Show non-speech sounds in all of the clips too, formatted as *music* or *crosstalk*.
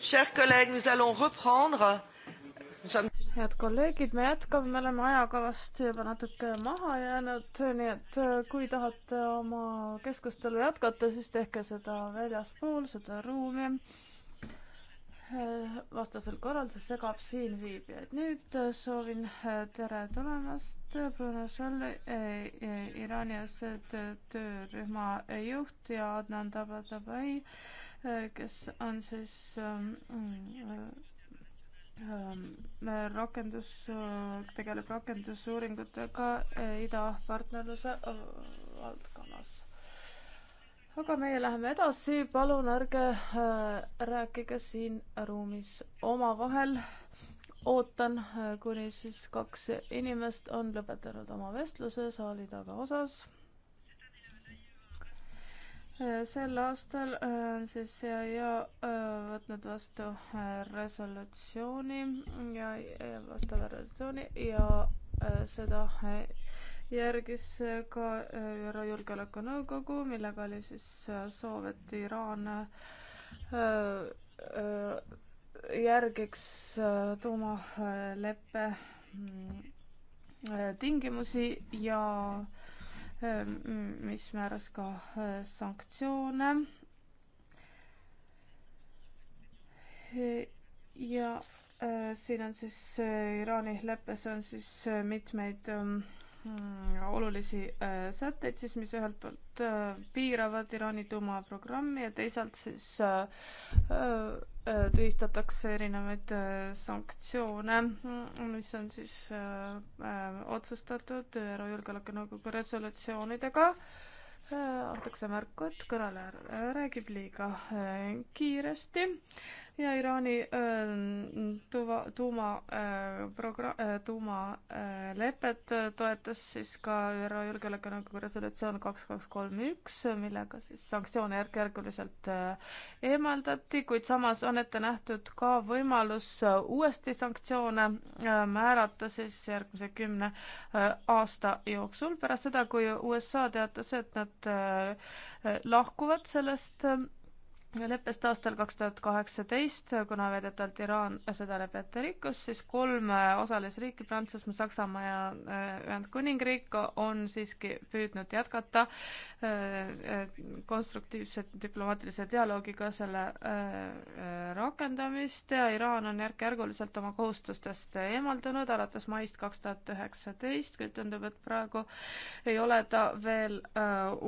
head kolleegid, me jätkame, me oleme ajakavast juba natuke maha jäänud, nii et äh, kui tahate oma keskustelu jätkata, siis tehke seda väljaspool seda ruumi. Äh, vastasel korral see segab siinviibijaid. nüüd äh, soovin tere tulemast Bruno Šalli Iraanias töörühma juht ja Adnan Tabatabai. Äh, kes on siis ähm, ähm, äh, rakendus, äh, tegeleb rakendusuuringutega idapartnerluse valdkonnas. aga meie läheme edasi, palun ärge rääkige siin ruumis omavahel. ootan, kuni siis kaks inimest on lõpetanud oma vestluse saali tagaosas Äh, sel aastal äh, on siis EIA äh, võtnud vastu resolutsiooni ja vastava resolutsiooni ja seda järgis ka ÜRO Julgeolekunõukogu, millega oli siis soov, et Iraan järgiks tuumaleppe mm, tingimusi ja äh, Ähm, mis määras ka äh, sanktsioone. ja äh, siin on siis äh, Iraani leppes on siis mitmeid ähm, mm, olulisi sätteid siis, mis ühelt poolt piiravad Iraani tuumaprogrammi ja teisalt siis Äh, tühistatakse erinevaid äh, sanktsioone, mm, mis on siis äh, otsustatud ÜRO Julgeolekunõukogu resolutsioonidega. antakse märku, et kõneleja räägib liiga kiiresti ja Iraani ähm, tuva, tuuma äh, progra-, äh, tuumalepet äh, toetas siis ka ÜRO Julgeolekunõukogu resolutsioon kaks, kaks, kolm, üks, millega siis sanktsioone järk-järguliselt eemaldati, kuid samas on ette nähtud ka võimalus uuesti sanktsioone määrata siis järgmise kümne aasta jooksul pärast seda, kui USA teatas, et nad lahkuvad sellest leppest aastal kaks tuhat kaheksateist, kuna väidetavalt Iraan seda lepet rikkus, siis kolm äh, osalisriiki, Prantsusmaa, Saksamaa ja äh, Ühendkuningriik on siiski püüdnud jätkata äh, konstruktiivse diplomaatilise dialoogiga selle rakendamist ja Iraan on järk-järguliselt oma kohustustest eemaldunud alates maist kaks tuhat üheksateist, kuid tundub, et praegu ei ole ta veel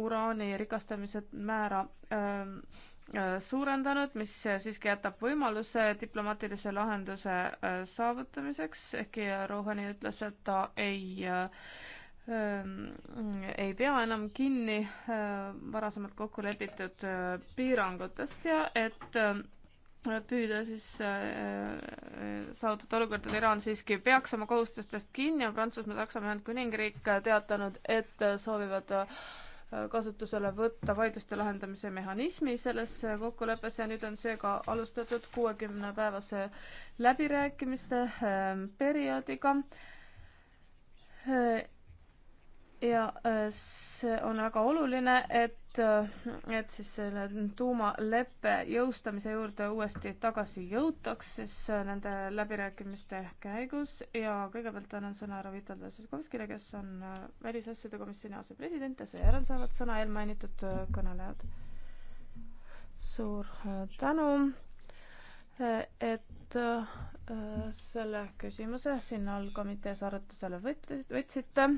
uraani rikastamise määra ähm, Äh, suurendanud, mis äh, siiski jätab võimaluse diplomaatilise lahenduse äh, saavutamiseks, ehkki Rouhani ütles, et ta ei ähm, ei pea enam kinni varasemalt kokku lepitud piirangutest ja et püüda siis saavutada olukorda, et Iraan siiski peaks oma kohustustest kinni ja Prantsusmaa, Saksamaa, Ühendkuningriik teatanud, et soovivad Äh, kasutusele võtta vaidluste lahendamise mehhanismi selles kokkuleppes ja nüüd on seega alustatud kuuekümnepäevase läbirääkimiste ähm, perioodiga. Äh, ja äh, see on väga oluline, et et siis selle tuumaleppe jõustamise juurde uuesti tagasi jõutaks siis nende läbirääkimiste käigus ja kõigepealt annan sõna härra Vital Vesuskovskile, kes on Välisasjade Komisjoni asepresident ja seejärel saavad sõna eelmainitud kõnelejad. suur äh, tänu, äh, et äh, selle küsimuse siin allkomitees arutusele võtsite.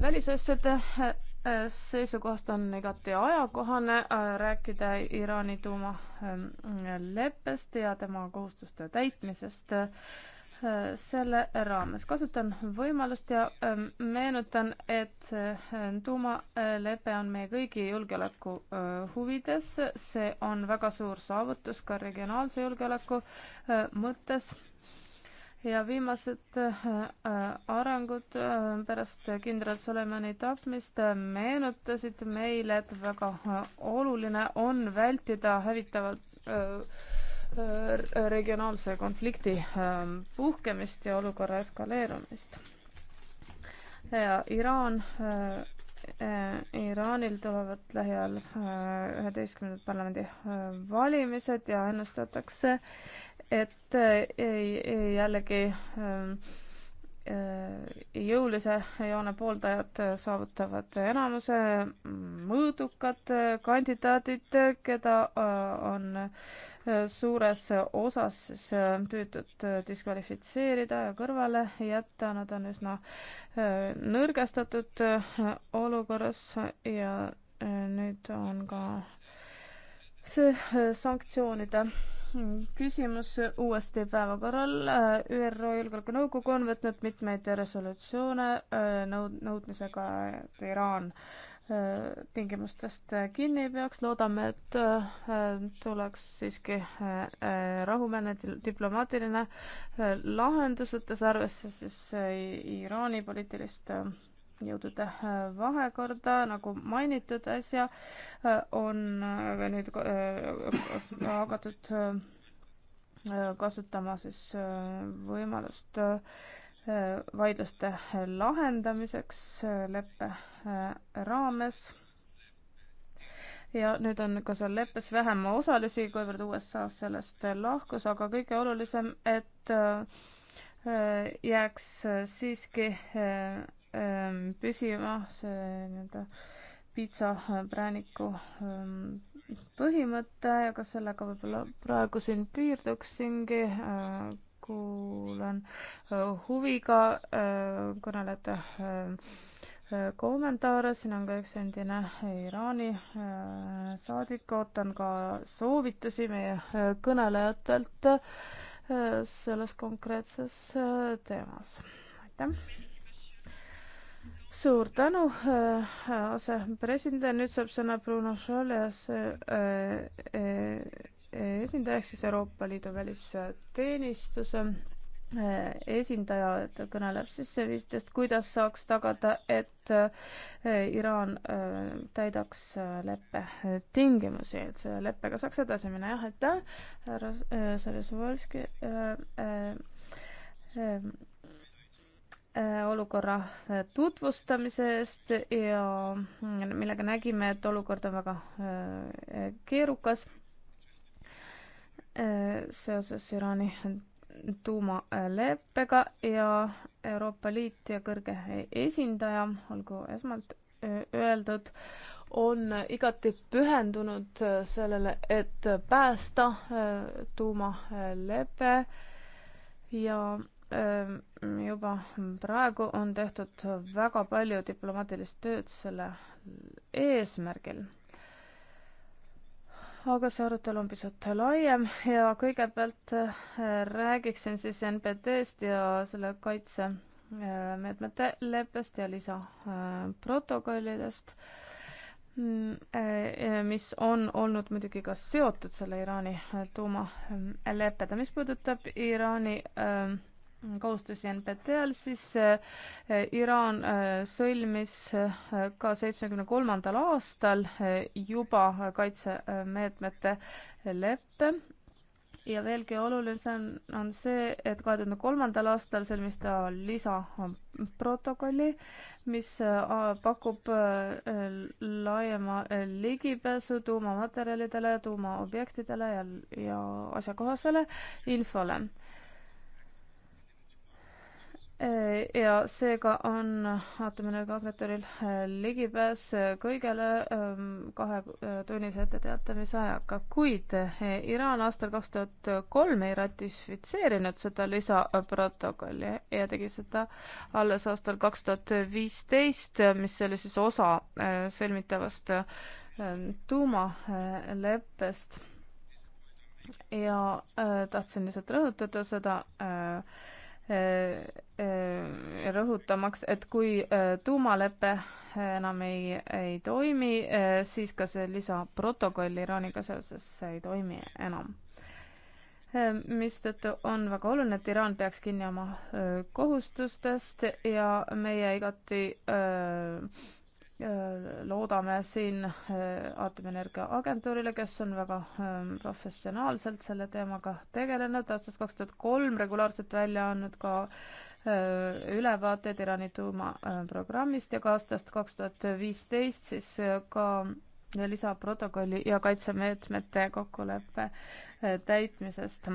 välisasjade seisukohast on igati ajakohane äh, rääkida Iraani tuumaleppest ja tema kohustuste täitmisest äh, selle raames. kasutan võimalust ja äh, meenutan, et tuumalepe on meie kõigi julgeoleku huvides. see on väga suur saavutus ka regionaalse julgeoleku mõttes ja viimased äh, äh, arengud äh, pärast kindral Solemani tapmist meenutasid meile, et väga oluline on vältida hävitavat regionaalse konflikti puhkemist ja olukorra eskaleerumist. ja Iraan Iraanil tulevad lähiajal üheteistkümnendad parlamendivalimised ja ennustatakse, et äh, jällegi äh, äh, jõulise joone pooldajad saavutavad enamuse mm, mõõdukad kandidaadid, keda on suures osas siis püütud diskvalifitseerida ja kõrvale jätta, nad on üsna nõrgestatud olukorras ja nüüd on ka see sanktsioonide küsimus uuesti päevakorral. ÜRO Julgeolekunõukogu on võtnud mitmeid resolutsioone äh, nõud-, nõudmisega, et Iraan äh, tingimustest kinni ei peaks. loodame, et äh, tuleks siiski rahumeelne diplomaatiline lahendus, võttes arvesse siis Iraani poliitilist jõudude eh, vahekorda, nagu mainitud äsja, eh, on aga eh, nüüd hakatud kasutama siis võimalust vaidluste lahendamiseks leppe raames ja nüüd on ka seal leppes vähem osalisi, kuivõrd USA-s sellest lahkus, aga kõige olulisem, et jääks siiski Ehm, püsima see nii-öelda piitsaprääniku äh, ehm, põhimõte ja kas sellega võib-olla praegu siin piirduksingi, äh, kuulan äh, huviga kõnelejate kommentaare, siin on ka üks endine Iraani saadik, ootan ka soovitusi meie kõnelejatelt selles konkreetses teemas. aitäh! suur tänu äh,, asepresident, nüüd saab sõna Bruno Scholz äh, äh, äh esindajaks siis Euroopa Liidu välisteenistuse äh, esindaja kõneleb siis vist, kuidas saaks tagada, et äh, Iraan täidaks leppe tingimusi, et selle leppega saaks edasi minna, jah, aitäh, härra Sarjasovski. Äh, olukorra äh, tutvustamise eest ja mm, millega nägime, et olukord on väga äh, keerukas seoses Iraani tuumaleppega ja Euroopa Liit ja kõrge esindaja, olgu esmalt öeldud, on igati pühendunud sellele, et päästa tuumalepe ja juba praegu on tehtud väga palju diplomaatilist tööd selle eesmärgil. aga see arutelu on pisut laiem ja kõigepealt äh, räägiksin siis NPT-st ja selle kaitsemeetmete leppest ja lisaprotokollidest, äh, mm, äh, mis on olnud muidugi ka seotud selle Iraani tuumaleppega. mis puudutab Iraani äh, kohustusi NPT-l, siis äh, äh, Iraan äh, sõlmis ka seitsmekümne kolmandal aastal juba kaitsemeetmete leppe ja veelgi olulisem on see, et kahe tuhande kolmandal aastal sõlmis ta lisaprotokolli, mis pakub laiema ligipääsu tuumamaterjalidele, tuumaobjektidele ja, ja asjakohasele infole ja seega on aatomienergia agentuuril äh, ligipääs äh, kõigele ähm, kahetunnise äh, etteteatamise ajaga, kuid Iraan aastal kaks tuhat kolm ei ratifitseerinud seda lisaprotokolli ja tegi seda alles aastal kaks tuhat viisteist, mis oli siis osa sõlmitavast tuumaleppest. ja tahtsin lihtsalt rõhutada seda äh, Äh, äh, rõhutamaks, et kui äh, tuumalepe enam ei, ei toimi, siis ka see lisaprotokoll Iraaniga seoses ei toimi enam mistõttu on väga oluline, et Iraan peaks kinni oma kohustustest ja meie igati öö, Äh, loodame siin äh, aatomienergia agentuurile, kes on väga ähm, professionaalselt selle teemaga tegelenud, aastast kaks tuhat kolm regulaarselt välja andnud ka äh, ülevaated Iraani tuumaprogrammist ja ka aastast kaks tuhat viisteist siis ka lisaprotokolli ja kaitsemeetmete kokkuleppe täitmisest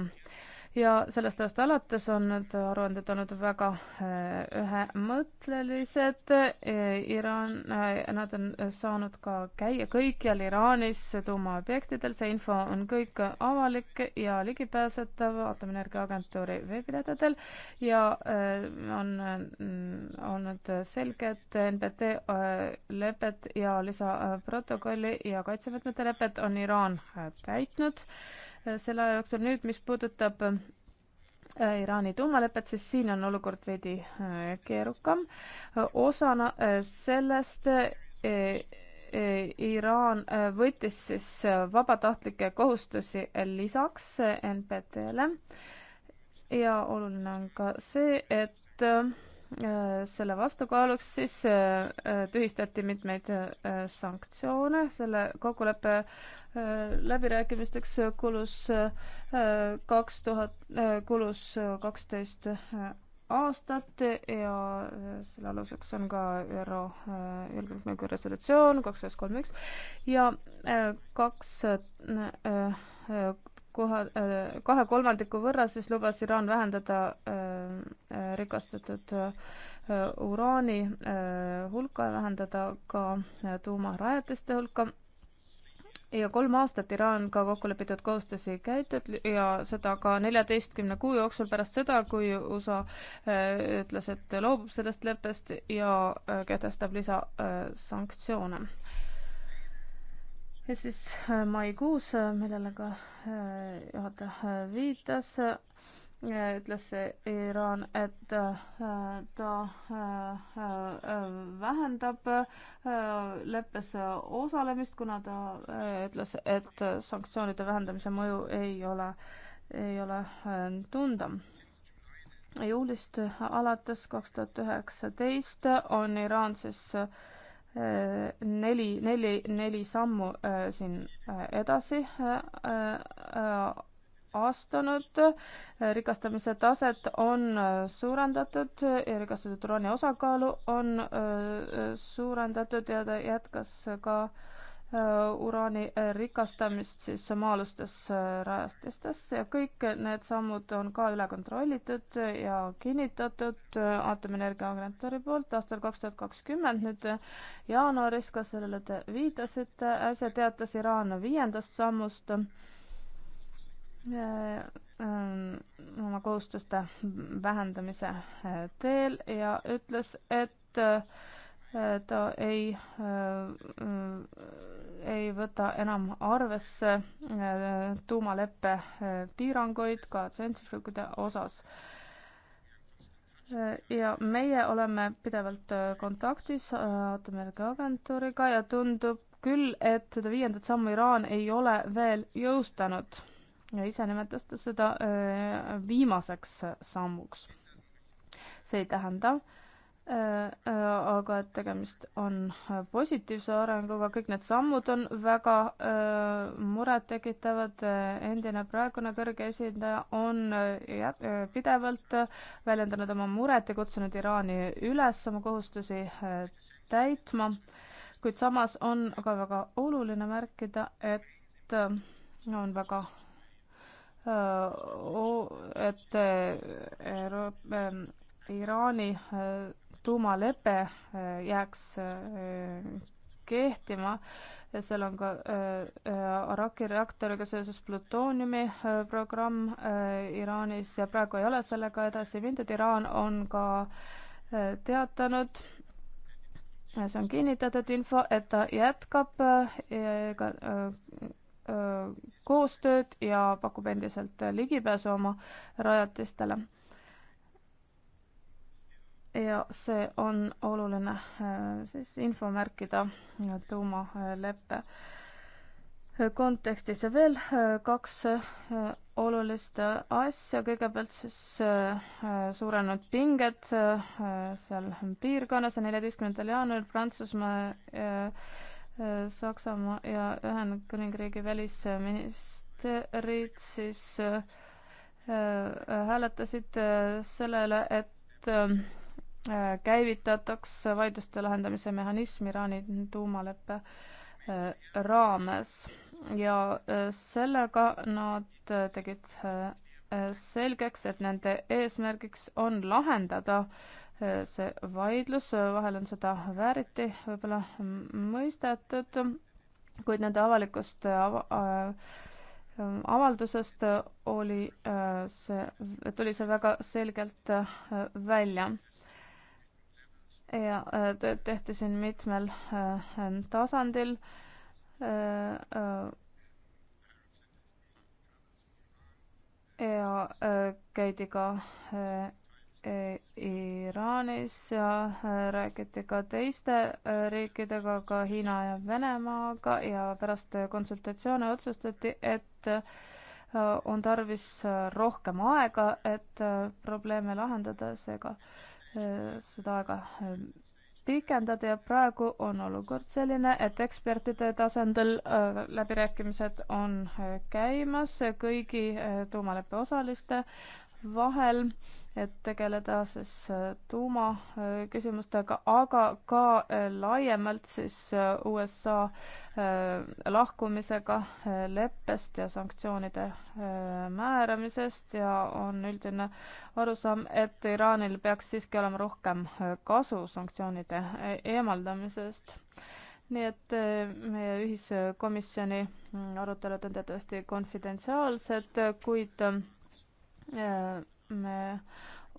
ja sellest ajast alates on need aruanded olnud väga eh, ühemõttelised. E, Iraan, eh, nad on saanud ka käia kõikjal Iraanis tuumaobjektidel, see info on kõik avalik ja ligipääsetav Aatomienergiaagentuuri veebilehtedel ja eh, on mm, olnud selge, et NPT lepet ja lisaprotokolli ja kaitsemeetmete lepet on Iraan täitnud selle aja jooksul. nüüd, mis puudutab äh, Iraani tuumalepet, siis siin on olukord veidi äh, keerukam. osana äh, sellest Iraan võttis siis vabatahtlikke kohustusi lisaks NPT-le ja oluline on ka see, et selle vastukaaluks siis tühistati mitmeid sanktsioone, selle kokkuleppe läbirääkimisteks kulus äh, kaks tuhat, äh, kulus äh, kaksteist aastat ja selle aluseks on ka ÜRO julgeolekunõukogu resolutsioon kaks tuhat kolm üks ja kaks koha, kahe kolmandiku võrra siis lubas Iraan vähendada rikastatud uraani hulka ja vähendada ka tuumarajatiste hulka ja kolm aastat Iraan ka kokku lepitud koostöös ei käitud ja seda ka neljateistkümne kuu jooksul pärast seda, kui USA äh, ütles, et loobub sellest leppest ja äh, kehtestab lisasanktsioone. Äh, ja siis maikuus, millele ka juhataja viitas, ütles Iraan, et äh, ta äh, äh, vähendab leppes osalemist, kuna ta ütles, et sanktsioonide vähendamise mõju ei ole, ei ole tunda. juulist alates kaks tuhat üheksateist on Iraan siis neli, neli, neli sammu siin edasi astunud, rikastamise taset on äh, suurendatud ja rikastatud uraani osakaalu on äh, suurendatud ja ta jätkas ka äh, uraani rikastamist siis maa-alustes rajastistes ja kõik need sammud on ka üle kontrollitud ja kinnitatud aatomienergia agentuuri poolt aastal kaks tuhat kakskümmend nüüd jaanuaris, ka sellele te viitasite, äsja teatas Iraan viiendast sammust Ähm, oma kohustuste vähendamise äh, teel ja ütles, et äh, äh, ta ei, ei võta enam arvesse tuumaleppe piiranguid ka tsentrifugide osas ja meie oleme pidevalt kontaktis Aatomienergia Agentuuriga ja tundub küll, et seda viiendat sammu Iraan ei ole veel jõustanud ja ise nimetas ta seda äh, viimaseks sammuks. see ei tähenda, äh, äh, aga et tegemist on positiivse arenguga, kõik need sammud on väga murettekitavad, endine praegune kõrge esindaja on pidevalt väljendanud oma muret ja kutsunud Iraani üles oma kohustusi täitma, kuid samas on ka väga oluline märkida, et on väga Äh, et äh, Euroopa, ähm, Iraani äh, tuumalepe jääks kehtima ja seal on ka Araki reaktoriga seoses plutooniumi programm Iraanis ja praegu ei ole sellega edasi mindud. Iraan on ka teatanud see on kinnitatud info, et ta jätkab ka Äh, koostööd ja pakub endiselt ligipääsu oma rajatistele. ja see on oluline äh, siis info märkida tuumaleppe kontekstis ja veel äh, kaks olulist asja, kõigepealt siis suurenenud pinged seal piirkonnas ja neljateistkümnendal jaanuaril Prantsusmaa Saksamaa ja Ühendkuningriigi välisministrid siis äh, hääletasid äh, selle üle, et äh, käivitataks vaidluste lahendamise mehhanism Iraani tuumaleppe raames ja sellega nad tegid selgeks, et nende eesmärgiks on lahendada see vaidlus, vahel on seda vääriti võib-olla mõistetud, kuid nende avalikust ava, äh, avaldusest oli äh, see, tuli see väga selgelt äh, välja. ja tööd tehti siin mitmel tasandil ja käidi ka E, Iraanis ja e, räägiti ka teiste e, riikidega, ka Hiina ja Venemaaga ja pärast konsultatsioone otsustati, et on tarvis rohkem aega, et probleeme lahendada, seega seda aega pikendada ja praegu on olukord selline, et ekspertide tasandil äh, läbirääkimised on käimas kõigi äh, tuumaleppe osaliste vahel, et tegeleda siis äh, tuumaküsimustega, äh, aga ka äh, laiemalt siis USA lahkumisega leppest ja sanktsioonide määramisest ja on üldine arusaam, et Iraanil peaks siiski olema rohkem kasu sanktsioonide eemaldamisest nii et meie ühiskomisjoni mm, arutelud on teatavasti konfidentsiaalsed, kuid Äh, me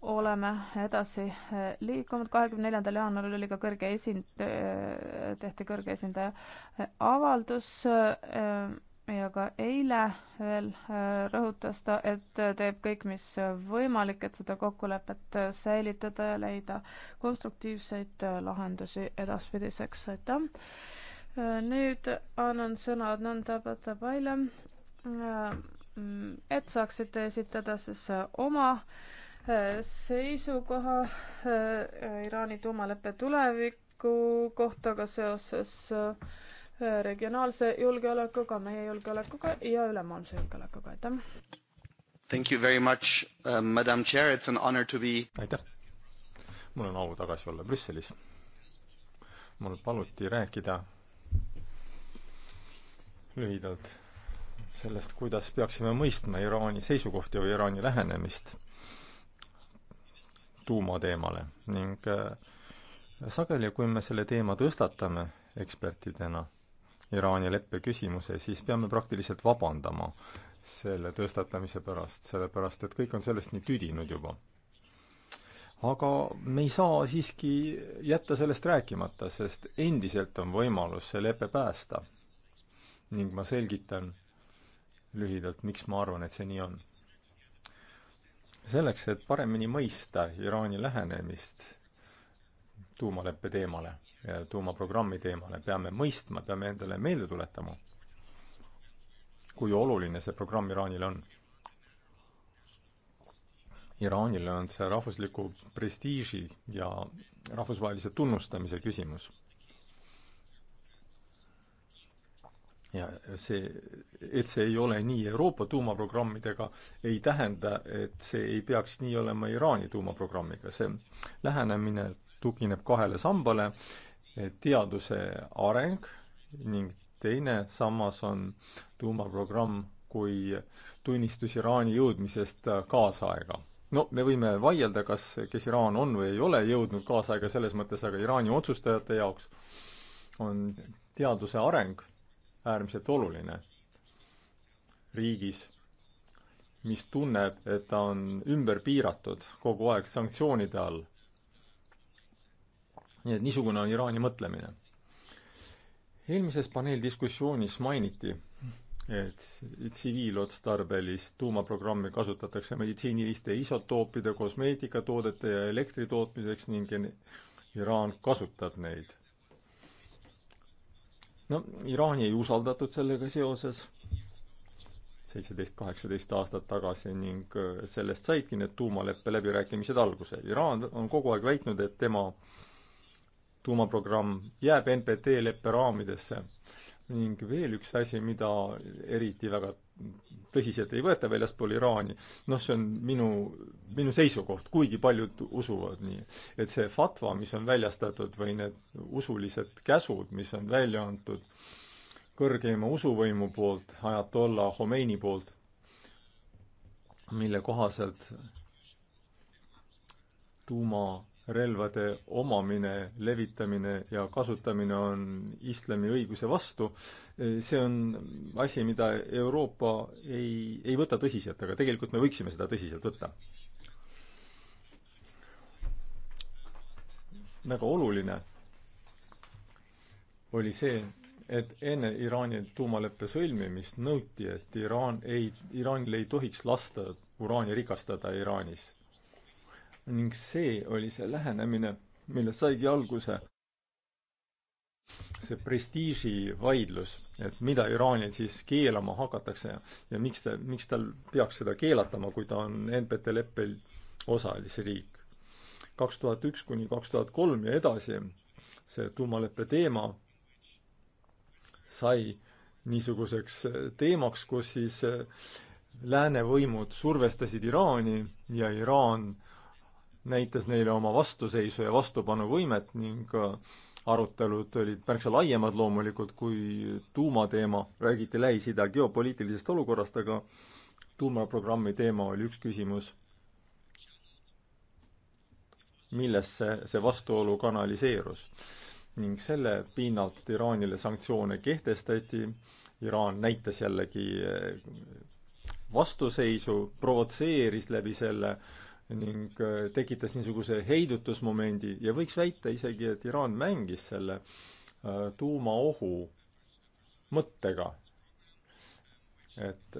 oleme edasi äh, liikunud, kahekümne neljandal jaanuaril oli ka kõrge esind-, äh, tehti kõrge esindaja avaldus ja ka eile veel rõhutas ta, et teeb kõik, mis võimalik, et seda kokkulepet säilitada ja leida konstruktiivseid lahendusi edaspidiseks, aitäh. nüüd annan sõna Adnan Tabatabaile Mm, et saaksite esitada siis äh, oma äh, seisukoha äh, Iraani tuumaleppe tuleviku kohta ka seoses regionaalse julgeolekuga, meie julgeolekuga ja ülemaailmse julgeolekuga, aitäh! Thank you very much uh,, madam chair, it's an honor to be aitäh! mul on au tagasi olla Brüsselis. mul paluti rääkida lühidalt sellest, kuidas peaksime mõistma Iraani seisukohti või Iraani lähenemist tuumateemale ning äh, sageli, kui me selle teema tõstatame ekspertidena Iraani leppe küsimuse, siis peame praktiliselt vabandama selle tõstatamise pärast, sellepärast et kõik on sellest nii tüdinud juba. aga me ei saa siiski jätta sellest rääkimata, sest endiselt on võimalus see lepe päästa. ning ma selgitan lühidalt, miks ma arvan, et see nii on. selleks, et paremini mõista Iraani lähenemist tuumaleppe teemale ja tuumaprogrammi teemale, peame mõistma, peame endale meelde tuletama, kui oluline see programm Iraanile on. Iraanile on see rahvusliku prestiiži ja rahvusvahelise tunnustamise küsimus ja see, et see ei ole nii Euroopa tuumaprogrammidega, ei tähenda, et see ei peaks nii olema Iraani tuumaprogrammiga. see lähenemine tugineb kahele sambale, teaduse areng ning teine sammas on tuumaprogramm kui tunnistus Iraani jõudmisest kaasaega. no me võime vaielda, kas, kes Iraan on või ei ole jõudnud kaasaega selles mõttes, aga Iraani otsustajate jaoks on teaduse areng äärmiselt oluline riigis, mis tunneb, et ta on ümber piiratud kogu aeg sanktsioonide all. nii et niisugune on Iraani mõtlemine. eelmises paneeldiskussioonis mainiti, et tsiviilotstarbelist tuumaprogrammi kasutatakse meditsiiniliste isotoopide, kosmeetikatoodete ja elektri tootmiseks ning Iraan kasutab neid no Iraani ei usaldatud sellega seoses seitseteist, kaheksateist aastat tagasi ning äh, sellest saidki need tuumaleppe läbirääkimised alguse. Iraan on kogu aeg väitnud, et tema tuumaprogramm jääb NPT leppe raamidesse ning veel üks asi, mida eriti väga tõsiselt ei võeta väljaspool Iraani, noh, see on minu, minu seisukoht, kuigi paljud usuvad nii. et see fatva, mis on väljastatud, või need usulised käsud, mis on välja antud kõrgeima usuvõimu poolt, ajatolla Homeini poolt, mille kohaselt tuuma relvade omamine, levitamine ja kasutamine on islami õiguse vastu, see on asi, mida Euroopa ei, ei võta tõsiselt, aga tegelikult me võiksime seda tõsiselt võtta. väga nagu oluline oli see, et enne Iraani tuumaleppe sõlmimist nõuti, et Iraan ei, Iraanil ei tohiks lasta uraani rikastada Iraanis ning see oli see lähenemine, mille saigi alguse see prestiiživaidlus, et mida Iraanil siis keelama hakatakse ja miks ta, miks tal peaks seda keelatama, kui ta on NPT leppel osalisriik. kaks tuhat üks kuni kaks tuhat kolm ja edasi see tuumaleppe teema sai niisuguseks teemaks, kus siis lääne võimud survestasid Iraani ja Iraan äh, näitas neile oma vastuseisu ja vastupanuvõimet ning äh, arutelud olid märksa laiemad loomulikult kui tuumateema, räägiti Lähis-Ida geopoliitilisest olukorrast, aga tuumaprogrammi teema oli üks küsimus, milles see, see vastuolu kanaliseerus. ning selle pinnalt Iraanile sanktsioone kehtestati, Iraan näitas jällegi äh, vastuseisu, provotseeris läbi selle äh, ning äh, tekitas niisuguse heidutusmomendi ja võiks väita isegi, et Iraan mängis selle äh, tuumaohu mõttega. et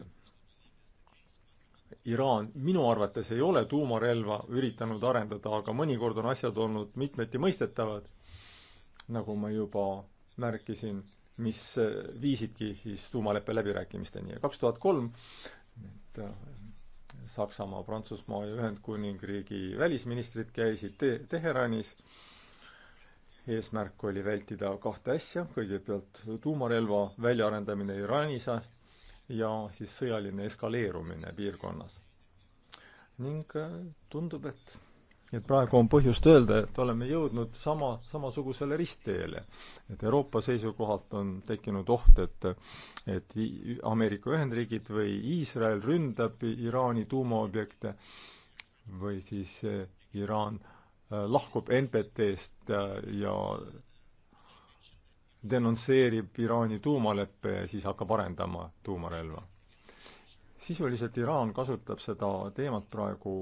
Iraan minu arvates ei ole tuumarelva üritanud arendada, aga mõnikord on asjad olnud mitmeti mõistetavad, nagu ma juba märkisin, mis äh, viisidki siis tuumaleppe läbirääkimisteni ja kaks tuhat kolm, et Saksamaa, Prantsusmaa ja Ühendkuningriigi välisministrid käisid te-, Teheranis. eesmärk oli vältida kahte asja, kõigepealt tuumarelva väljaarendamine Iraanis ja siis sõjaline eskaleerumine piirkonnas. ning äh, tundub, et nii et praegu on põhjust öelda, et oleme jõudnud sama, samasugusele ristteele. et Euroopa seisukohalt on tekkinud oht, et et Ameerika Ühendriigid või Iisrael ründab Iraani tuumaobjekte või siis eh, Iraan eh, lahkub NPT-st eh, ja denonsseerib Iraani tuumaleppe ja siis hakkab arendama tuumarelva. sisuliselt Iraan kasutab seda teemat praegu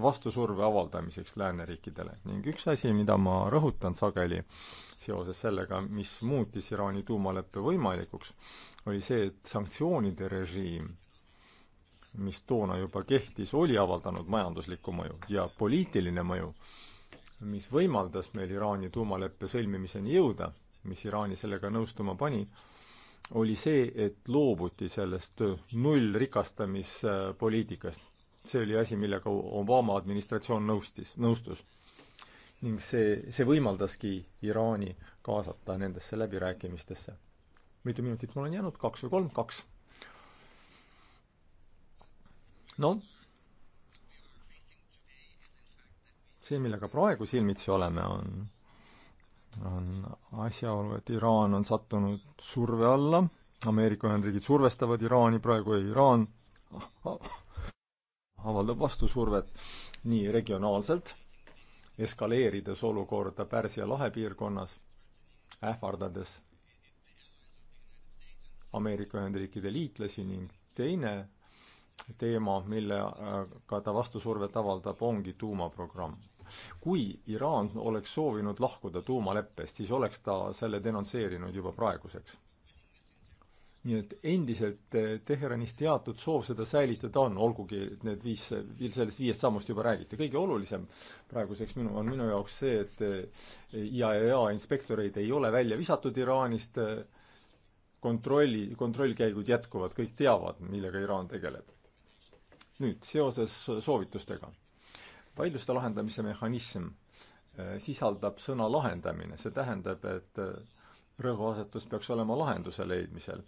vastusurve avaldamiseks lääneriikidele. ning üks asi, mida ma rõhutan sageli seoses sellega, mis muutis Iraani tuumaleppe võimalikuks, oli see, et sanktsioonide režiim, mis toona juba kehtis, oli avaldanud majanduslikku mõju ja poliitiline mõju, mis võimaldas meil Iraani tuumaleppe sõlmimiseni jõuda, mis Iraani sellega nõustuma pani, oli see, et loobuti sellest nullrikastamispoliitikast, see oli asi, millega Obama administratsioon nõustis, nõustus. ning see, see võimaldaski Iraani kaasata nendesse läbirääkimistesse. mitu minutit mul on jäänud, kaks või kolm, kaks? noh, see, millega praegu silmitsi oleme, on, on asjaolu, et Iraan on sattunud surve alla, Ameerika Ühendriigid survestavad Iraani, praegu Iraan *laughs* avaldab vastusurvet nii regionaalselt, eskaleerides olukorda Pärsia lahe piirkonnas, ähvardades Ameerika Ühendriikide liitlasi ning teine teema, millega ta vastusurvet avaldab, ongi tuumaprogramm. kui Iraan oleks soovinud lahkuda tuumaleppest, siis oleks ta selle denonsseerinud juba praeguseks nii et endiselt eh, Teheranis teatud soov seda säilitada on, olgugi et need viis, sellest viiest sammust juba räägiti. kõige olulisem praeguseks minu, on minu jaoks see, et eh, IAEA e inspektoreid ei ole välja visatud Iraanist, eh, kontrolli, kontrollkäigud jätkuvad, kõik teavad, millega Iraan tegeleb. nüüd, seoses soovitustega. vaidluste lahendamise mehhanism sisaldab sõna lahendamine, see tähendab, et rõhuasetus peaks olema lahenduse leidmisel,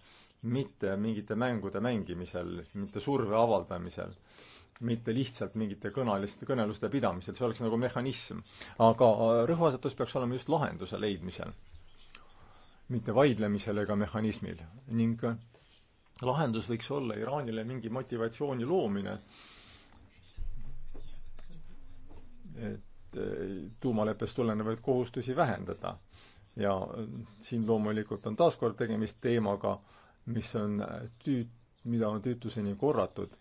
mitte mingite mängude mängimisel, mitte surve avaldamisel, mitte lihtsalt mingite kõneliste, kõneluste pidamisel, see oleks nagu mehhanism. aga äh, rõhuasetus peaks olema just lahenduse leidmisel, mitte vaidlemisel ega mehhanismil. ning äh, lahendus võiks olla Iraanile mingi motivatsiooni loomine, et äh, tuumaleppest tulenevaid kohustusi vähendada ja äh, siin loomulikult on taaskord tegemist teemaga, mis on äh, tüü-, mida on tüütuseni korratud.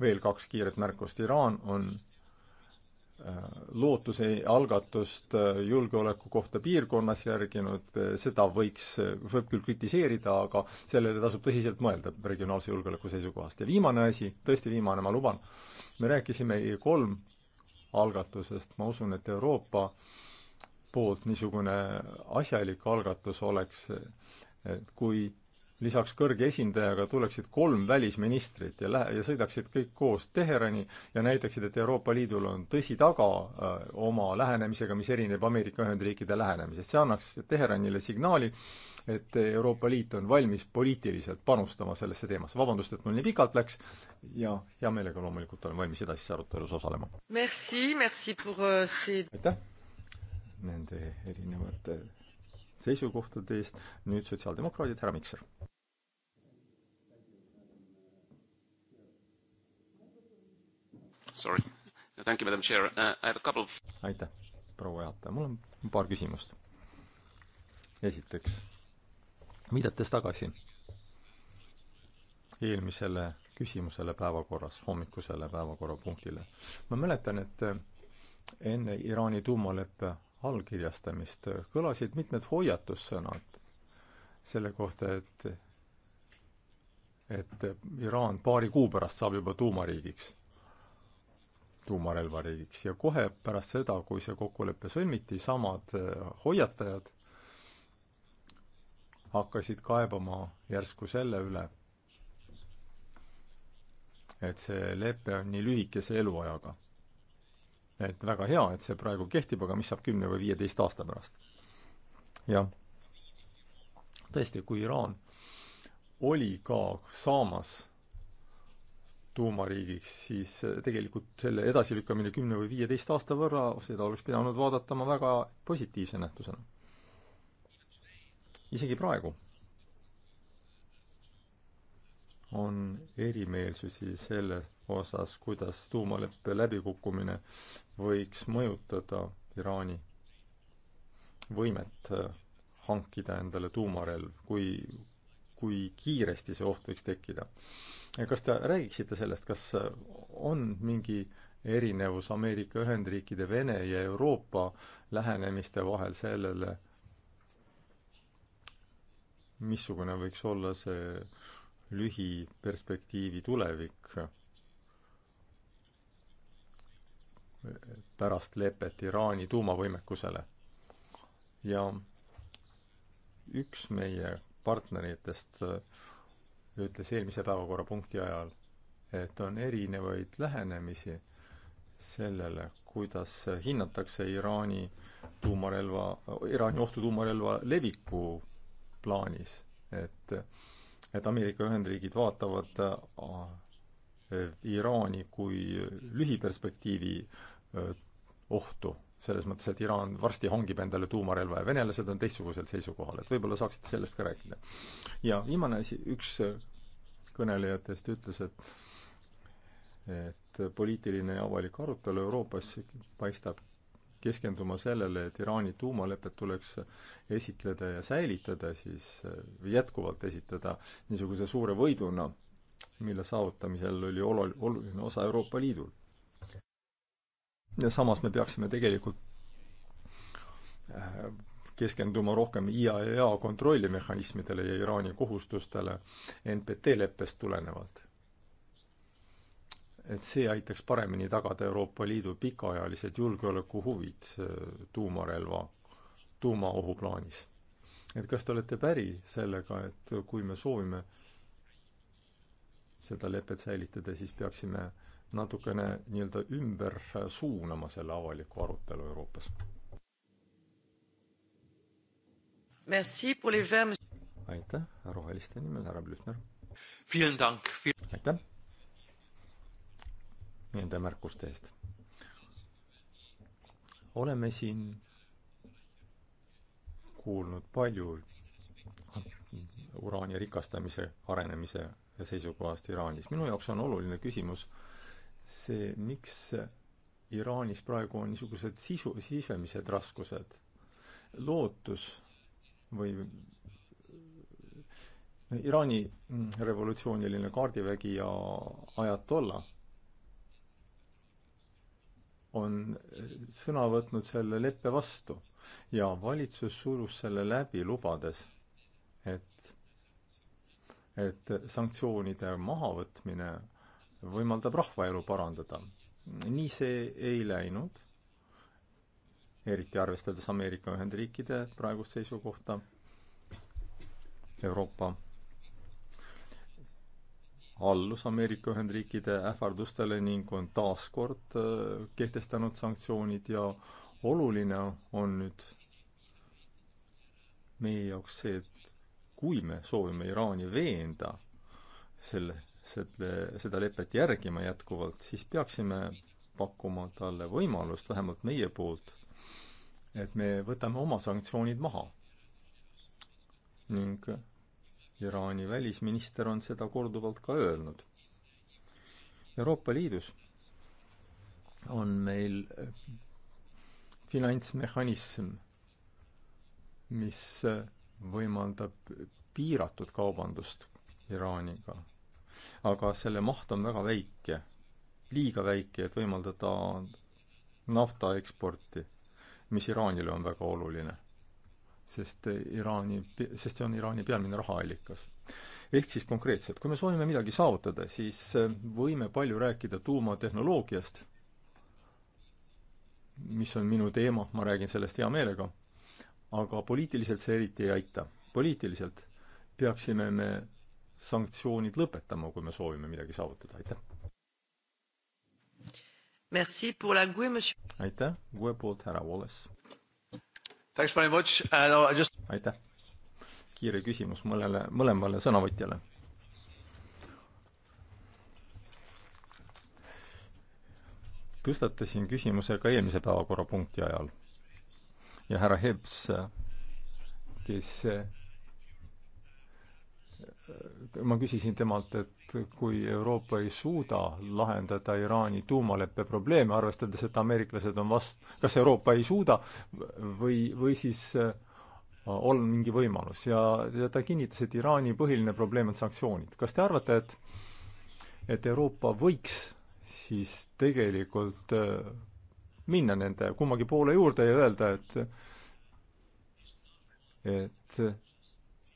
veel kaks kiiret märkust, Iraan on äh, lootuse algatust julgeoleku kohta piirkonnas järginud, seda võiks, võib küll kritiseerida, aga sellele tasub tõsiselt mõelda regionaalse julgeoleku seisukohast. ja viimane asi, tõesti viimane, ma luban, me rääkisime E3 algatusest, ma usun, et Euroopa poolt niisugune asjalik algatus oleks, et kui lisaks kõrge esindajaga tuleksid kolm välisministrit ja lähe-, ja sõidaksid kõik koos Teherani ja näitaksid, et Euroopa Liidul on tõsi taga äh, oma lähenemisega, mis erineb Ameerika Ühendriikide lähenemisest. see annaks Teheranile signaali, et Euroopa Liit on valmis poliitiliselt panustama sellesse teemasse. vabandust, et mul nii pikalt läks ja hea meelega loomulikult olen valmis edasises arutelus osalema. Merci, merci pour euh, see aitäh nende erinevate seisukohtade eest. nüüd sotsiaaldemokraadid, härra Mikser. Sorry, thank you, madam chair uh,, I have a couple of aitäh, proua juhataja, mul on paar küsimust. esiteks, viidates tagasi eelmisele küsimusele päevakorras, hommikusele päevakorrapunktile, ma mäletan, et äh, enne Iraani tuumaleppe allkirjastamist, kõlasid mitmed hoiatussõnad selle kohta, et et Iraan paari kuu pärast saab juba tuumariigiks, tuumarelvariigiks ja kohe pärast seda, kui see kokkulepe sõlmiti, samad äh, hoiatajad hakkasid kaebama järsku selle üle, et see lepe on nii lühikese eluajaga et väga hea, et see praegu kehtib, aga mis saab kümne või viieteist aasta pärast? jah. tõesti, kui Iraan oli ka saamas tuumariigiks, siis tegelikult selle edasilükkamine kümne või viieteist aasta võrra, seda oleks pidanud vaadatama väga positiivse nähtusena. isegi praegu on erimeelsusi selle osas, kuidas tuumaleppe läbikukkumine võiks mõjutada Iraani võimet äh, hankida endale tuumarelv, kui, kui kiiresti see oht võiks tekkida. kas te räägiksite sellest, kas äh, on mingi erinevus Ameerika Ühendriikide, Vene ja Euroopa lähenemiste vahel sellele, missugune võiks olla see lühiperspektiivi tulevik pärast lepet Iraani tuumavõimekusele. ja üks meie partneritest ütles eelmise päevakorrapunkti ajal, et on erinevaid lähenemisi sellele, kuidas hinnatakse Iraani tuumarelva, Iraani ohtu tuumarelva leviku plaanis, et äh, et Ameerika Ühendriigid vaatavad äh, Iraani kui lühiperspektiivi äh, ohtu, selles mõttes, et Iraan varsti hangib endale tuumarelva ja venelased on teistsugusel seisukohal, et võib-olla saaksite sellest ka rääkida. ja viimane asi, üks äh, kõnelejatest ütles, et et poliitiline ja avalik arutelu Euroopas paistab keskenduma sellele, et Iraani tuumalepet tuleks esitleda ja säilitada siis, jätkuvalt esitada niisuguse suure võiduna, mille saavutamisel oli olu-, oluline osa Euroopa Liidul. ja samas me peaksime tegelikult äh, keskenduma rohkem IAEA e kontrollimehhanismidele ja Iraani kohustustele NPT leppest tulenevalt et see aitaks paremini tagada Euroopa Liidu pikaajalised julgeolekuhuvid eh, tuumarelva, tuumaohu plaanis. et kas te olete päri sellega, et kui me soovime seda lepet säilitada, siis peaksime natukene nii-öelda ümber suunama selle avaliku arutelu Euroopas? aitäh, roheliste nimel härra Blüchner. aitäh nende märkuste eest. oleme siin kuulnud palju uraani rikastamise arenemise seisukohast Iraanis. minu jaoks on oluline küsimus see, miks Iraanis praegu on niisugused sisu, sisemised raskused. lootus või Iraani revolutsiooniline kaardivägi ja ajatolla on sõna võtnud selle leppe vastu ja valitsus surus selle läbi, lubades, et, et sanktsioonide mahavõtmine võimaldab rahvaelu parandada. nii see ei läinud, eriti arvestades Ameerika Ühendriikide praegust seisukohta Euroopa allus Ameerika Ühendriikide ähvardustele ning on taas kord äh, kehtestanud sanktsioonid ja oluline on nüüd meie jaoks see, et kui me soovime Iraani veenda selle, selle, seda lepet järgima jätkuvalt, siis peaksime pakkuma talle võimalust, vähemalt meie poolt, et me võtame oma sanktsioonid maha. ning Iraani välisminister on seda korduvalt ka öelnud. Euroopa Liidus on meil finantsmehhanism, mis võimaldab piiratud kaubandust Iraaniga. aga selle maht on väga väike, liiga väike, et võimaldada nafta eksporti, mis Iraanile on väga oluline sest Iraani, sest see on Iraani peamine rahaallikas. ehk siis konkreetselt, kui me soovime midagi saavutada, siis äh, võime palju rääkida tuumatehnoloogiast, mis on minu teema, ma räägin sellest hea meelega, aga poliitiliselt see eriti ei aita. poliitiliselt peaksime me sanktsioonid lõpetama, kui me soovime midagi saavutada, aitäh. E, aitäh, Gue poolt härra Wallace. Just... aitäh. kiire küsimus mõnele, mõlemale sõnavõtjale. tõstatasin küsimuse ka eelmise päevakorrapunkti ajal ja härra Hebs, kes ma küsisin temalt, et kui Euroopa ei suuda lahendada Iraani tuumaleppe probleeme, arvestades, et ameeriklased on vast-, kas Euroopa ei suuda või, või siis äh, on mingi võimalus ja, ja ta kinnitas, et Iraani põhiline probleem on sanktsioonid. kas te arvate, et, et Euroopa võiks siis tegelikult äh, minna nende kummagi poole juurde ja öelda, et et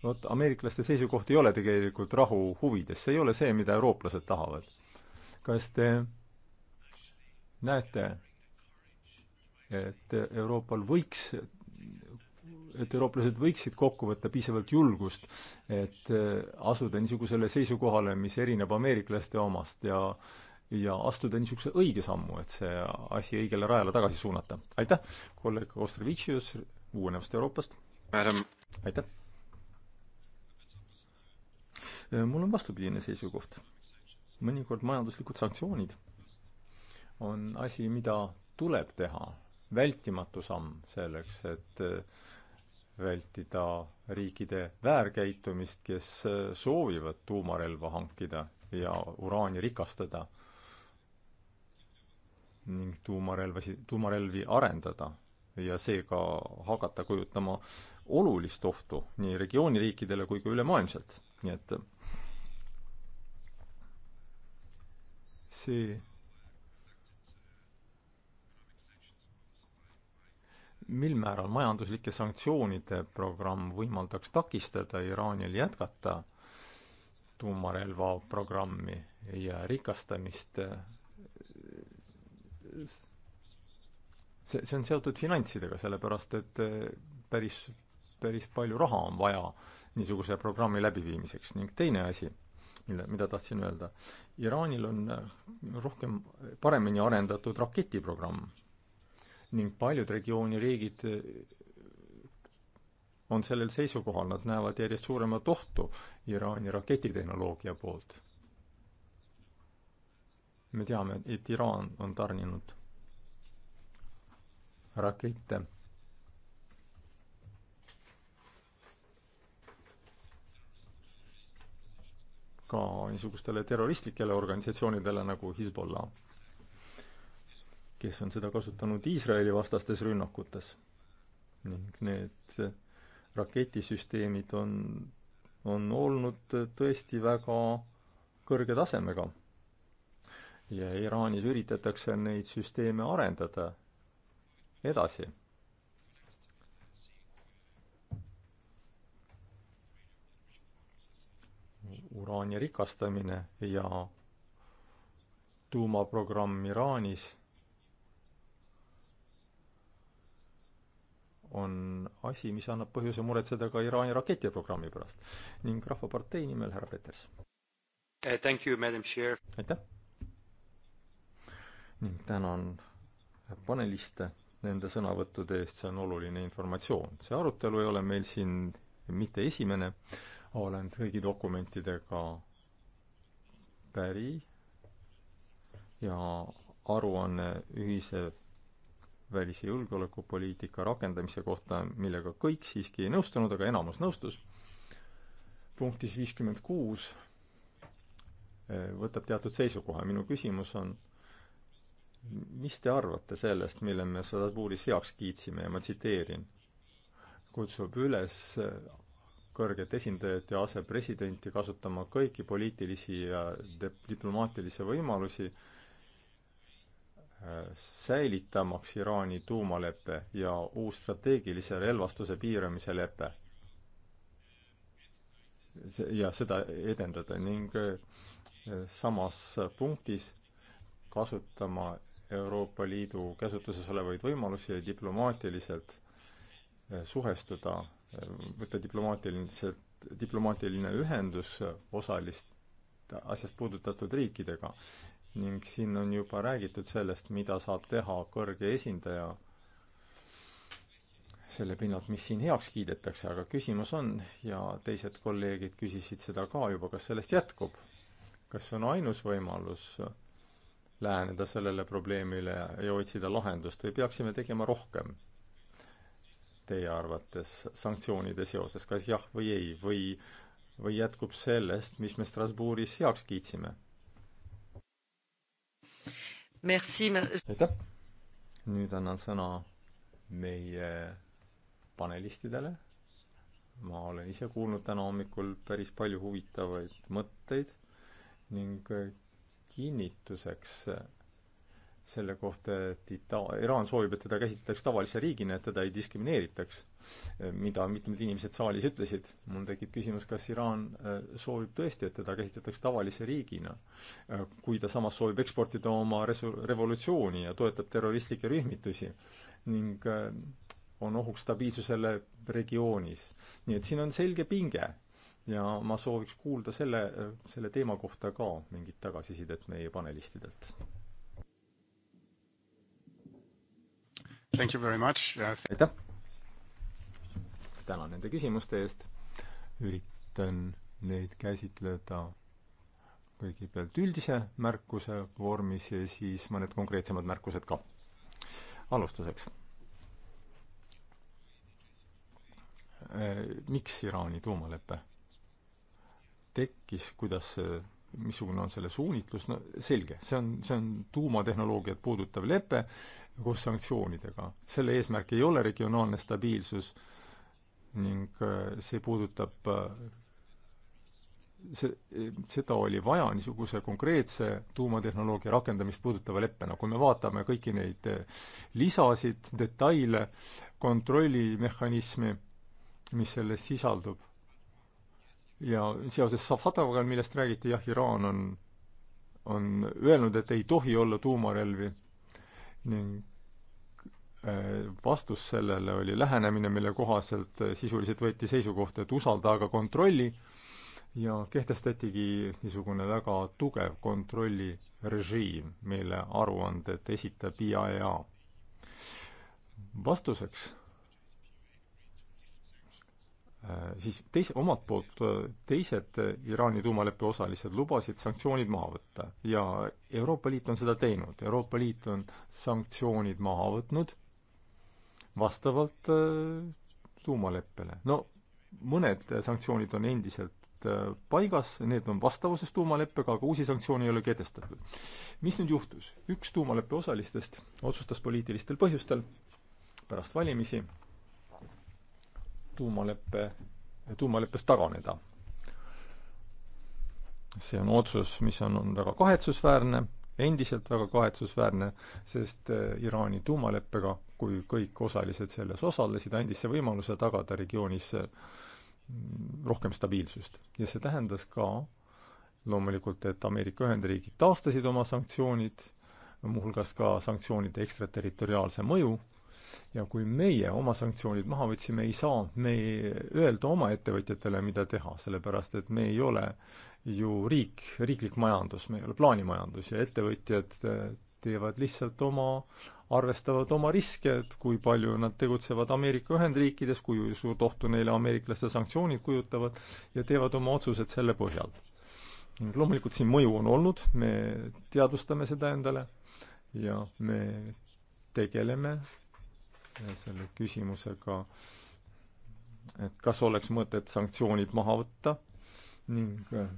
vot ameeriklaste seisukoht ei ole tegelikult rahu huvides, see ei ole see, mida eurooplased tahavad. kas te näete, et Euroopal võiks, et eurooplased võiksid kokku võtta piisavalt julgust, et asuda niisugusele seisukohale, mis erineb ameeriklaste omast ja ja astuda niisuguse õige sammu, et see asi õigele rajale tagasi suunata. aitäh, kolleeg Ostrovitšius, Uuenevast Euroopast! aitäh! Äh, mul on vastupidine seisukoht. mõnikord majanduslikud sanktsioonid on asi, mida tuleb teha, vältimatu samm selleks, et äh, vältida riikide väärkäitumist, kes äh, soovivad tuumarelva hankida ja uraani rikastada ning tuumarelvasi, tuumarelvi arendada ja seega hakata kujutama olulist ohtu nii regiooni riikidele kui ka ülemaailmselt nii et see mil määral majanduslike sanktsioonide programm võimaldaks takistada Iraanil jätkata tuumarelva programmi ja rikastamist, see, see on seotud finantsidega, sellepärast et päris, päris palju raha on vaja niisuguse programmi läbiviimiseks. ning teine asi, mille, mida tahtsin öelda, Iraanil on äh, rohkem, paremini arendatud raketiprogramm ning paljud regiooni riigid äh, on sellel seisukohal, nad näevad järjest suuremat ohtu Iraani raketitehnoloogia poolt. me teame, et Iraan on tarninud rakette ka niisugustele terroristlikele organisatsioonidele nagu Hezbollah, kes on seda kasutanud Iisraeli vastastes rünnakutes. ning need raketisüsteemid on, on olnud tõesti väga kõrge tasemega. ja Iraanis üritatakse neid süsteeme arendada edasi uraani rikastamine ja tuumaprogramm Iraanis on asi, mis annab põhjuse muretseda ka Iraani raketiprogrammi pärast. ning Rahvapartei nimel härra Peters. Eh, aitäh! ning tänan paneliste nende sõnavõttude eest, see on oluline informatsioon. see arutelu ei ole meil siin mitte esimene äh,, olen kõigi dokumentidega päri ja aruanne ühise välis- ja julgeolekupoliitika rakendamise kohta, millega kõik siiski ei nõustunud, aga enamus nõustus, punktis viiskümmend kuus eh, võtab teatud seisukoha. minu küsimus on, mis te arvate sellest, mille me Strasbourgis heaks kiitsime ja ma tsiteerin, kutsub üles kõrget esindajat ja asepresidenti kasutama kõiki poliitilisi ja diplomaatilisi võimalusi, äh, säilitamaks Iraani tuumalepe ja uus strateegilise relvastuse piiramise lepe. ja seda edendada ning äh, samas punktis kasutama Euroopa Liidu käsutuses olevaid võimalusi ja diplomaatiliselt äh, suhestuda võtta diplomaatiliselt, diplomaatiline ühendus osalist, asjast puudutatud riikidega. ning siin on juba räägitud sellest, mida saab teha kõrge esindaja selle pinnalt, mis siin heaks kiidetakse, aga küsimus on ja teised kolleegid küsisid seda ka juba, kas sellest jätkub? kas see on ainus võimalus läheneda sellele probleemile ja otsida lahendust või peaksime tegema rohkem? teie arvates sanktsioonide seoses, kas jah või ei, või või jätkub sellest, mis me Strasbourgis heaks kiitsime? aitäh! nüüd annan sõna meie panelistidele. ma olen ise kuulnud täna hommikul päris palju huvitavaid mõtteid ning kinnituseks selle kohta, et Ita-, Iraan soovib, et teda käsitletaks tavalise riigina, et teda ei diskrimineeritaks, mida mitmed inimesed saalis ütlesid. mul tekib küsimus, kas Iraan äh, soovib tõesti, et teda käsitletaks tavalise riigina, äh, kui ta samas soovib eksportida oma resu-, revolutsiooni ja toetab terroristlikke rühmitusi ning äh, on ohuks stabiilsusele regioonis. nii et siin on selge pinge ja ma sooviks kuulda selle, selle teema kohta ka mingit tagasisidet meie panelistidelt Uh, aitäh! tänan nende küsimuste eest, üritan neid käsitleda kõigepealt üldise märkuse vormis ja siis mõned konkreetsemad märkused ka. alustuseks. Äh, miks Iraani tuumalepe tekkis, kuidas see, missugune on selle suunitlus, no selge, see on, see on tuumatehnoloogiat puudutav lepe koos sanktsioonidega. selle eesmärk ei ole regionaalne stabiilsus ning äh, see puudutab äh, see, seda oli vaja niisuguse konkreetse tuumatehnoloogia rakendamist puudutava leppena. kui me vaatame kõiki neid äh, lisasid, detaile, kontrollimehhanismi, mis selles sisaldub, ja seoses Safatovaga, millest räägiti, jah, Iraan on, on öelnud, et ei tohi olla tuumarelvi ning äh, vastus sellele oli lähenemine, mille kohaselt äh, sisuliselt võeti seisukoht, et usalda aga kontrolli ja kehtestatigi niisugune väga tugev kontrollirežiim, mille aruanded esitab IAEA. E vastuseks Äh, siis teis-, omalt poolt äh, teised äh, Iraani tuumaleppe osalised lubasid sanktsioonid maha võtta. ja Euroopa Liit on seda teinud. Euroopa Liit on sanktsioonid maha võtnud vastavalt tuumaleppele. no mõned sanktsioonid on endiselt paigas, need on vastavuses tuumaleppega, aga uusi sanktsioone ei ole kehtestatud. mis nüüd juhtus? üks tuumaleppe osalistest otsustas poliitilistel põhjustel pärast valimisi tuumaleppe, tuumaleppest taganeda. see on otsus, mis on, on väga kahetsusväärne, endiselt väga kahetsusväärne, sest äh, Iraani tuumaleppega, kui kõik osalised selles osalesid, andis see võimaluse tagada regioonis äh, rohkem stabiilsust. ja see tähendas ka loomulikult, et Ameerika Ühendriigid taastasid oma sanktsioonid, muuhulgas ka sanktsioonide ekstraterritoriaalse mõju ja kui meie oma sanktsioonid maha võtsime, ei saa me öelda oma ettevõtjatele, mida teha, sellepärast et me ei ole ju riik, riiklik majandus, me ei ole plaanimajandus ja ettevõtjad äh, teevad lihtsalt oma, arvestavad oma riske, et kui palju nad tegutsevad Ameerika Ühendriikides, kui suurt ohtu neile ameeriklaste sanktsioonid kujutavad, ja teevad oma otsused selle põhjal. ning loomulikult siin mõju on olnud, me teadvustame seda endale ja me tegeleme selle küsimusega, et kas oleks mõtet sanktsioonid maha võtta ning äh,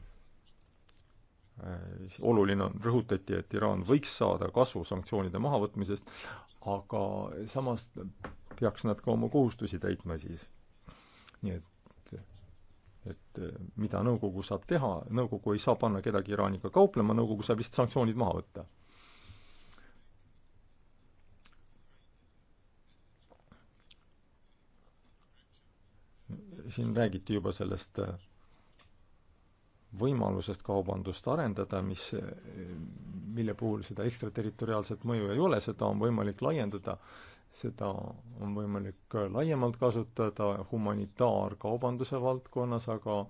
äh, oluline on, rõhutati, et Iraan võiks saada kasu sanktsioonide mahavõtmisest, aga samas peaks nad ka oma kohustusi täitma siis. nii et, et äh, mida nõukogu saab teha, nõukogu ei saa panna kedagi Iraaniga kauplema, nõukogu saab lihtsalt sanktsioonid maha võtta siin räägiti juba sellest äh, võimalusest kaubandust arendada, mis, äh, mille puhul seda ekstraterritoriaalset mõju ei ole, seda on võimalik laiendada, seda on võimalik äh, laiemalt kasutada humanitaarkaubanduse valdkonnas, aga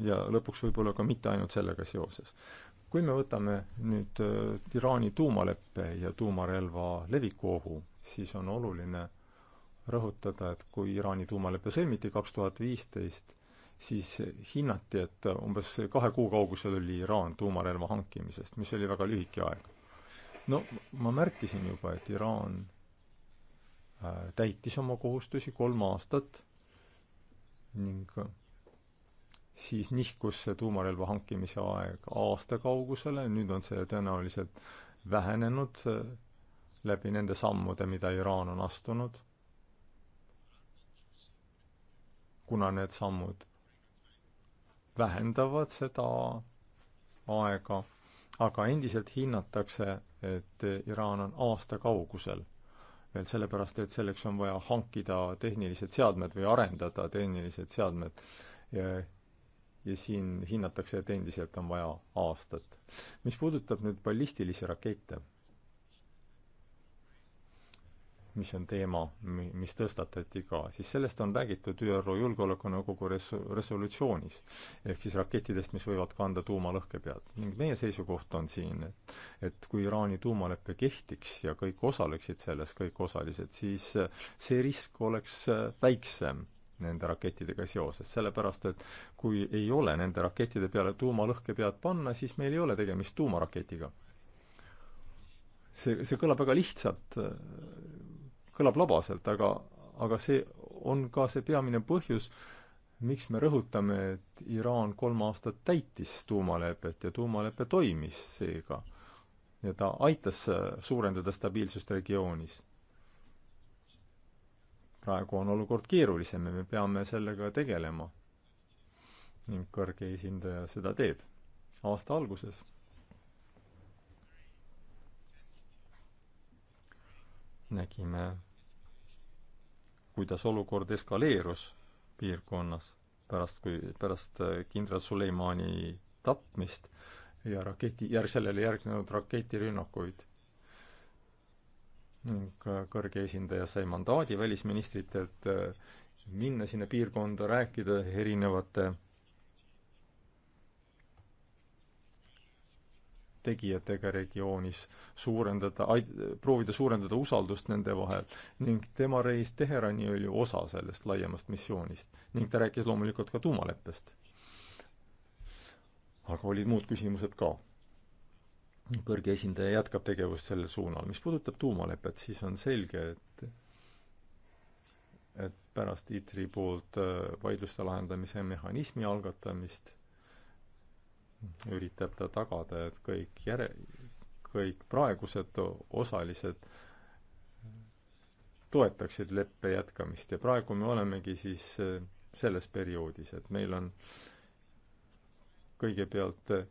ja lõpuks võib-olla ka mitte ainult sellega seoses. kui me võtame nüüd Iraani tuumaleppe ja tuumarelva leviku ohu, siis on oluline rõhutada, et kui Iraani tuumalepe sõlmiti kaks tuhat viisteist, siis hinnati, et umbes kahe kuu kaugusel oli Iraan tuumarelva hankimisest, mis oli väga lühike aeg. no ma märkisin juba, et Iraan äh, täitis oma kohustusi kolm aastat ning siis nihkus see tuumarelva hankimise aeg aasta kaugusele, nüüd on see tõenäoliselt vähenenud äh, läbi nende sammude, mida Iraan on astunud kuna need sammud vähendavad seda aega, aga endiselt hinnatakse, et Iraan on aasta kaugusel veel sellepärast, et selleks on vaja hankida tehnilised seadmed või arendada tehnilised seadmed. ja, ja siin hinnatakse, et endiselt on vaja aastat. mis puudutab nüüd ballistilisi rakette mis on teema, mis tõstatati ka, siis sellest on räägitud ÜRO Julgeolekunõukogu res-, resolutsioonis. ehk siis rakettidest, mis võivad kanda tuumalõhke pealt. ning meie seisukoht on siin, et et kui Iraani tuumalepe kehtiks ja kõik osaleksid selles, kõik osalised, siis see risk oleks väiksem nende rakettidega seoses, sellepärast et kui ei ole nende rakettide peale tuumalõhke pead panna, siis meil ei ole tegemist tuumaraketiga see, see kõlab väga lihtsalt, kõlab labaselt, aga, aga see on ka see peamine põhjus, miks me rõhutame, et Iraan kolm aastat täitis tuumalepet ja tuumalepe toimis seega. ja ta aitas suurendada stabiilsust regioonis. praegu on olukord keerulisem ja me peame sellega tegelema. ning kõrge esindaja seda teeb aasta alguses nägime kuidas olukord eskaleerus piirkonnas pärast, kui, pärast äh, kindral Suleimani tapmist ja raketi, järg, sellele järgnenud raketirünnakuid. ning äh, kõrge esindaja sai mandaadi välisministritelt äh, minna sinna piirkonda, rääkida erinevate tegijatega regioonis, suurendada, proovida suurendada usaldust nende vahel ning tema reis Teherani oli osa sellest laiemast missioonist. ning ta rääkis loomulikult ka tuumaleppest. aga olid muud küsimused ka. kõrge esindaja jätkab tegevust sellel suunal. mis puudutab tuumalepet, siis on selge, et et pärast ITRi poolt äh, vaidluste lahendamise mehhanismi algatamist üritab ta tagada, et kõik järe, kõik praegused osalised toetaksid leppe jätkamist ja praegu me olemegi siis eh, selles perioodis, et meil on kõigepealt eh,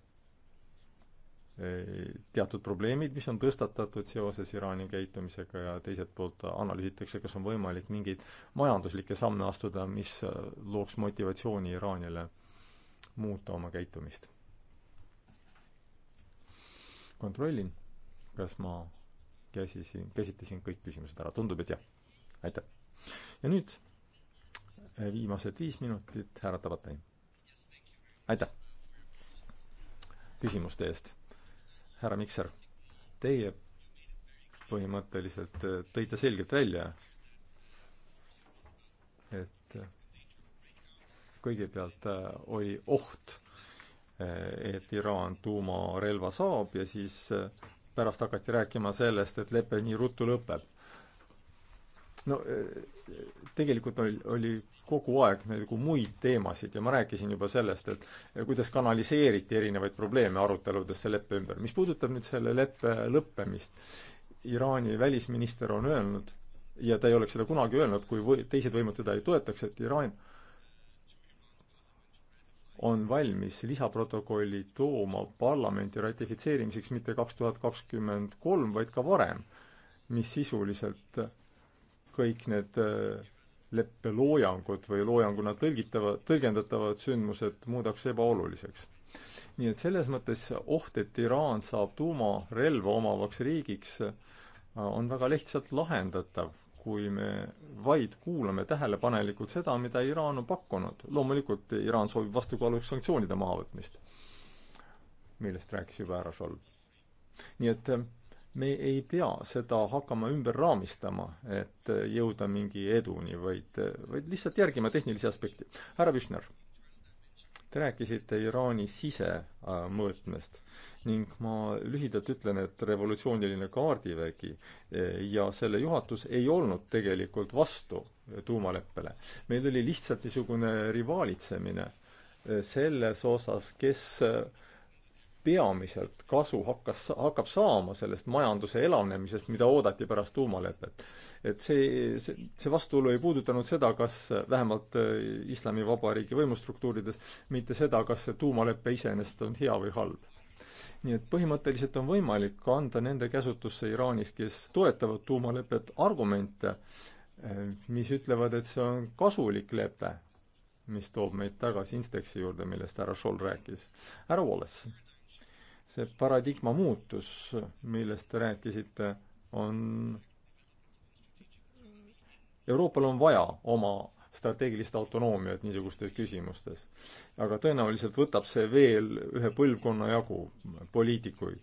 teatud probleemid, mis on tõstatatud seoses Iraani käitumisega ja teiselt poolt analüüsitakse, kas on võimalik mingeid majanduslikke samme astuda, mis eh, looks motivatsiooni Iraanile muuta oma käitumist kontrollin, kas ma käsisin, käsitlesin kõik küsimused ära, tundub, et jah. aitäh. ja nüüd äh, viimased viis minutit härra Tabatai. aitäh küsimuste eest. härra Mikser, teie põhimõtteliselt äh, tõite selgelt välja, et äh, kõigepealt oli oht et Iraan tuumarelva saab ja siis eh, pärast hakati rääkima sellest, et lepe nii ruttu lõpeb. no eh, tegelikult oli, oli kogu aeg nagu muid teemasid ja ma rääkisin juba sellest, et eh, kuidas kanaliseeriti erinevaid probleeme aruteludesse leppe ümber. mis puudutab nüüd selle leppe lõppemist, Iraani välisminister on öelnud ja ta ei oleks seda kunagi öelnud, kui või-, teised võimud teda ei toetaks, et Iraan on valmis lisaprotokolli tooma parlamenti ratifitseerimiseks mitte kaks tuhat kakskümmend kolm, vaid ka varem, mis sisuliselt kõik need äh, leppe loojangud või loojanguna tõlgitavad, tõlgendatavad sündmused muudaks ebaoluliseks. nii et selles mõttes oht, et Iraan saab tuumarelva omavaks riigiks, äh, on väga lihtsalt lahendatav kui me vaid kuulame tähelepanelikult seda, mida Iraan on pakkunud. loomulikult Iraan soovib vastukaaluks sanktsioonide mahavõtmist, millest rääkis juba härra Šolv. nii et eh, me ei pea seda hakkama ümber raamistama, et eh, jõuda mingi eduni, vaid, eh, vaid lihtsalt järgima tehnilisi aspekte. härra Vishner Te rääkisite Iraani sisemõõtmest ning ma lühidalt ütlen, et revolutsiooniline kaardivägi e, ja selle juhatus ei olnud tegelikult vastu tuumaleppele. meil oli lihtsalt niisugune rivaalitsemine e, selles osas, kes peamiselt kasu hakkas, hakkab saama sellest majanduse elavnemisest, mida oodati pärast tuumalepet. et see, see, see vastuolu ei puudutanud seda, kas vähemalt äh, Islamivabariigi võimustruktuurides, mitte seda, kas see tuumalepe iseenesest on hea või halb. nii et põhimõtteliselt on võimalik anda nende käsutusse Iraanis, kes toetavad tuumalepet, argumente, äh, mis ütlevad, et see on kasulik lepe, mis toob meid tagasi Instexi juurde, millest härra Scholl rääkis. härra Wallace see paradigma muutus, millest te rääkisite, on, Euroopal on vaja oma strateegilist autonoomiat niisugustes küsimustes. aga tõenäoliselt võtab see veel ühe põlvkonna jagu poliitikuid,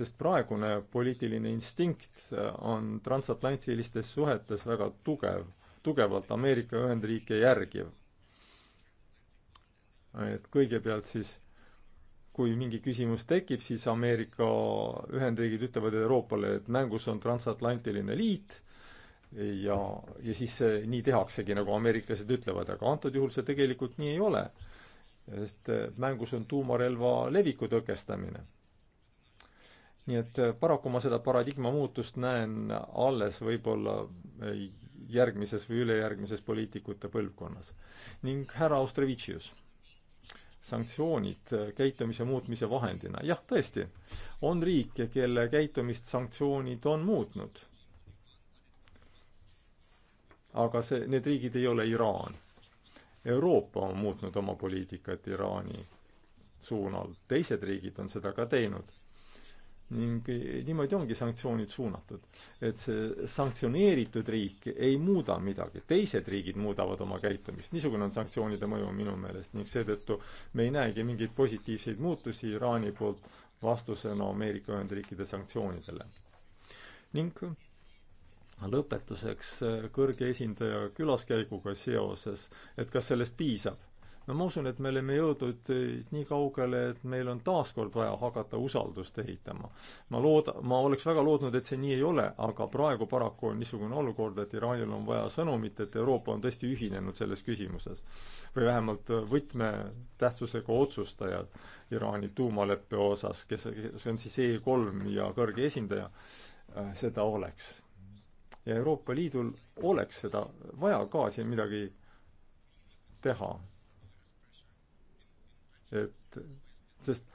sest praegune poliitiline instinkt on transatlantilistes suhetes väga tugev, tugevalt Ameerika Ühendriike järgiv. et kõigepealt siis kui mingi küsimus tekib, siis Ameerika Ühendriigid ütlevad Euroopale, et mängus on transatlantiline liit ja, ja siis nii tehaksegi, nagu ameeriklased ütlevad, aga antud juhul see tegelikult nii ei ole. sest mängus on tuumarelva leviku tõkestamine. nii et paraku ma seda paradigma muutust näen alles võib-olla järgmises või ülejärgmises poliitikute põlvkonnas. ning härra Ostrevitšius sanktsioonid äh, käitumise muutmise vahendina. jah, tõesti, on riike, kelle käitumist sanktsioonid on muutnud. aga see, need riigid ei ole Iraan. Euroopa on muutnud oma poliitikat Iraani suunal, teised riigid on seda ka teinud ning niimoodi ongi sanktsioonid suunatud. et see sanktsioneeritud riik ei muuda midagi, teised riigid muudavad oma käitumist, niisugune on sanktsioonide mõju minu meelest ning seetõttu me ei näegi mingeid positiivseid muutusi Iraani poolt vastusena Ameerika Ühendriikide sanktsioonidele. ning lõpetuseks kõrge esindaja külaskäiguga seoses, et kas sellest piisab no ma usun, et me oleme jõudnud eh, nii kaugele, et meil on taaskord vaja hakata usaldust ehitama. ma looda-, ma oleks väga lootnud, et see nii ei ole, aga praegu paraku on niisugune olukord, et Iraanil on vaja sõnumit, et Euroopa on tõesti ühinenud selles küsimuses. või vähemalt eh, võtmetähtsusega otsustajad Iraani tuumaleppe osas, kes, see on siis E3 ja kõrge esindaja, eh, seda oleks. ja Euroopa Liidul oleks seda vaja ka siin midagi teha et sest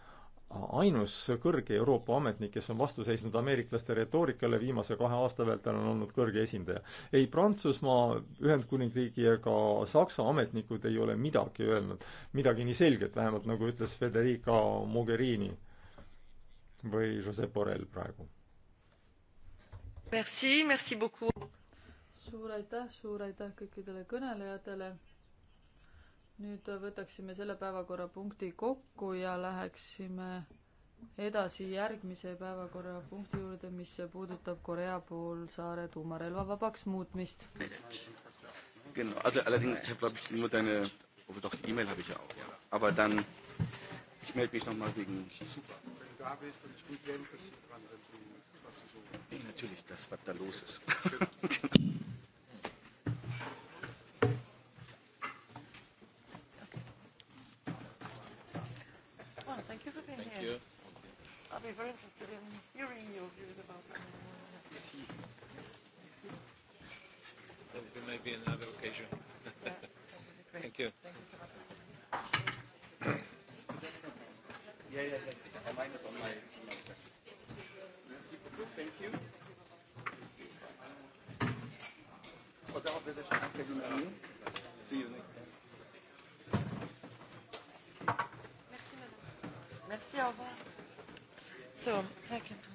ainus kõrge Euroopa ametnik, kes on vastu seisnud ameeriklaste retoorikale viimase kahe aasta vältel, on olnud kõrge esindaja. ei Prantsusmaa, Ühendkuningriigi ega Saksa ametnikud ei ole midagi öelnud, midagi nii selget, vähemalt nagu ütles Federica Mogherini või Josep Borrell praegu. Merci, merci beaucoup! suur aitäh, suur aitäh kõikidele kõnelejatele nüüd võtaksime selle päevakorrapunkti kokku ja läheksime edasi järgmise päevakorrapunkti juurde, mis puudutab Korea poolsaare tuumarelva vabaks muutmist. Genau, also allerdings, ich habe glaube ich nur deine, oh doch, die E-Mail habe ich ja auch. Aber dann, ich melde mich nochmal wegen. Super, wenn du da bist und ich bin sehr interessiert dran, was du so. Nee, natürlich, das, was da los ist. genau. *laughs* *laughs* Yeah. Okay. I'll be very interested in hearing your views about that. I see. I see. That will be maybe another occasion. yeah, *laughs* Thank you. Thank you so much. That's not yeah, yeah, yeah. I mind it on my team. Merci beaucoup. Thank you. Au revoir, vous êtes à See you next. Ja, au revoir. So, thank you.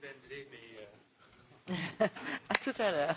ben, mais... Uh, *laughs* à tout à l'heure.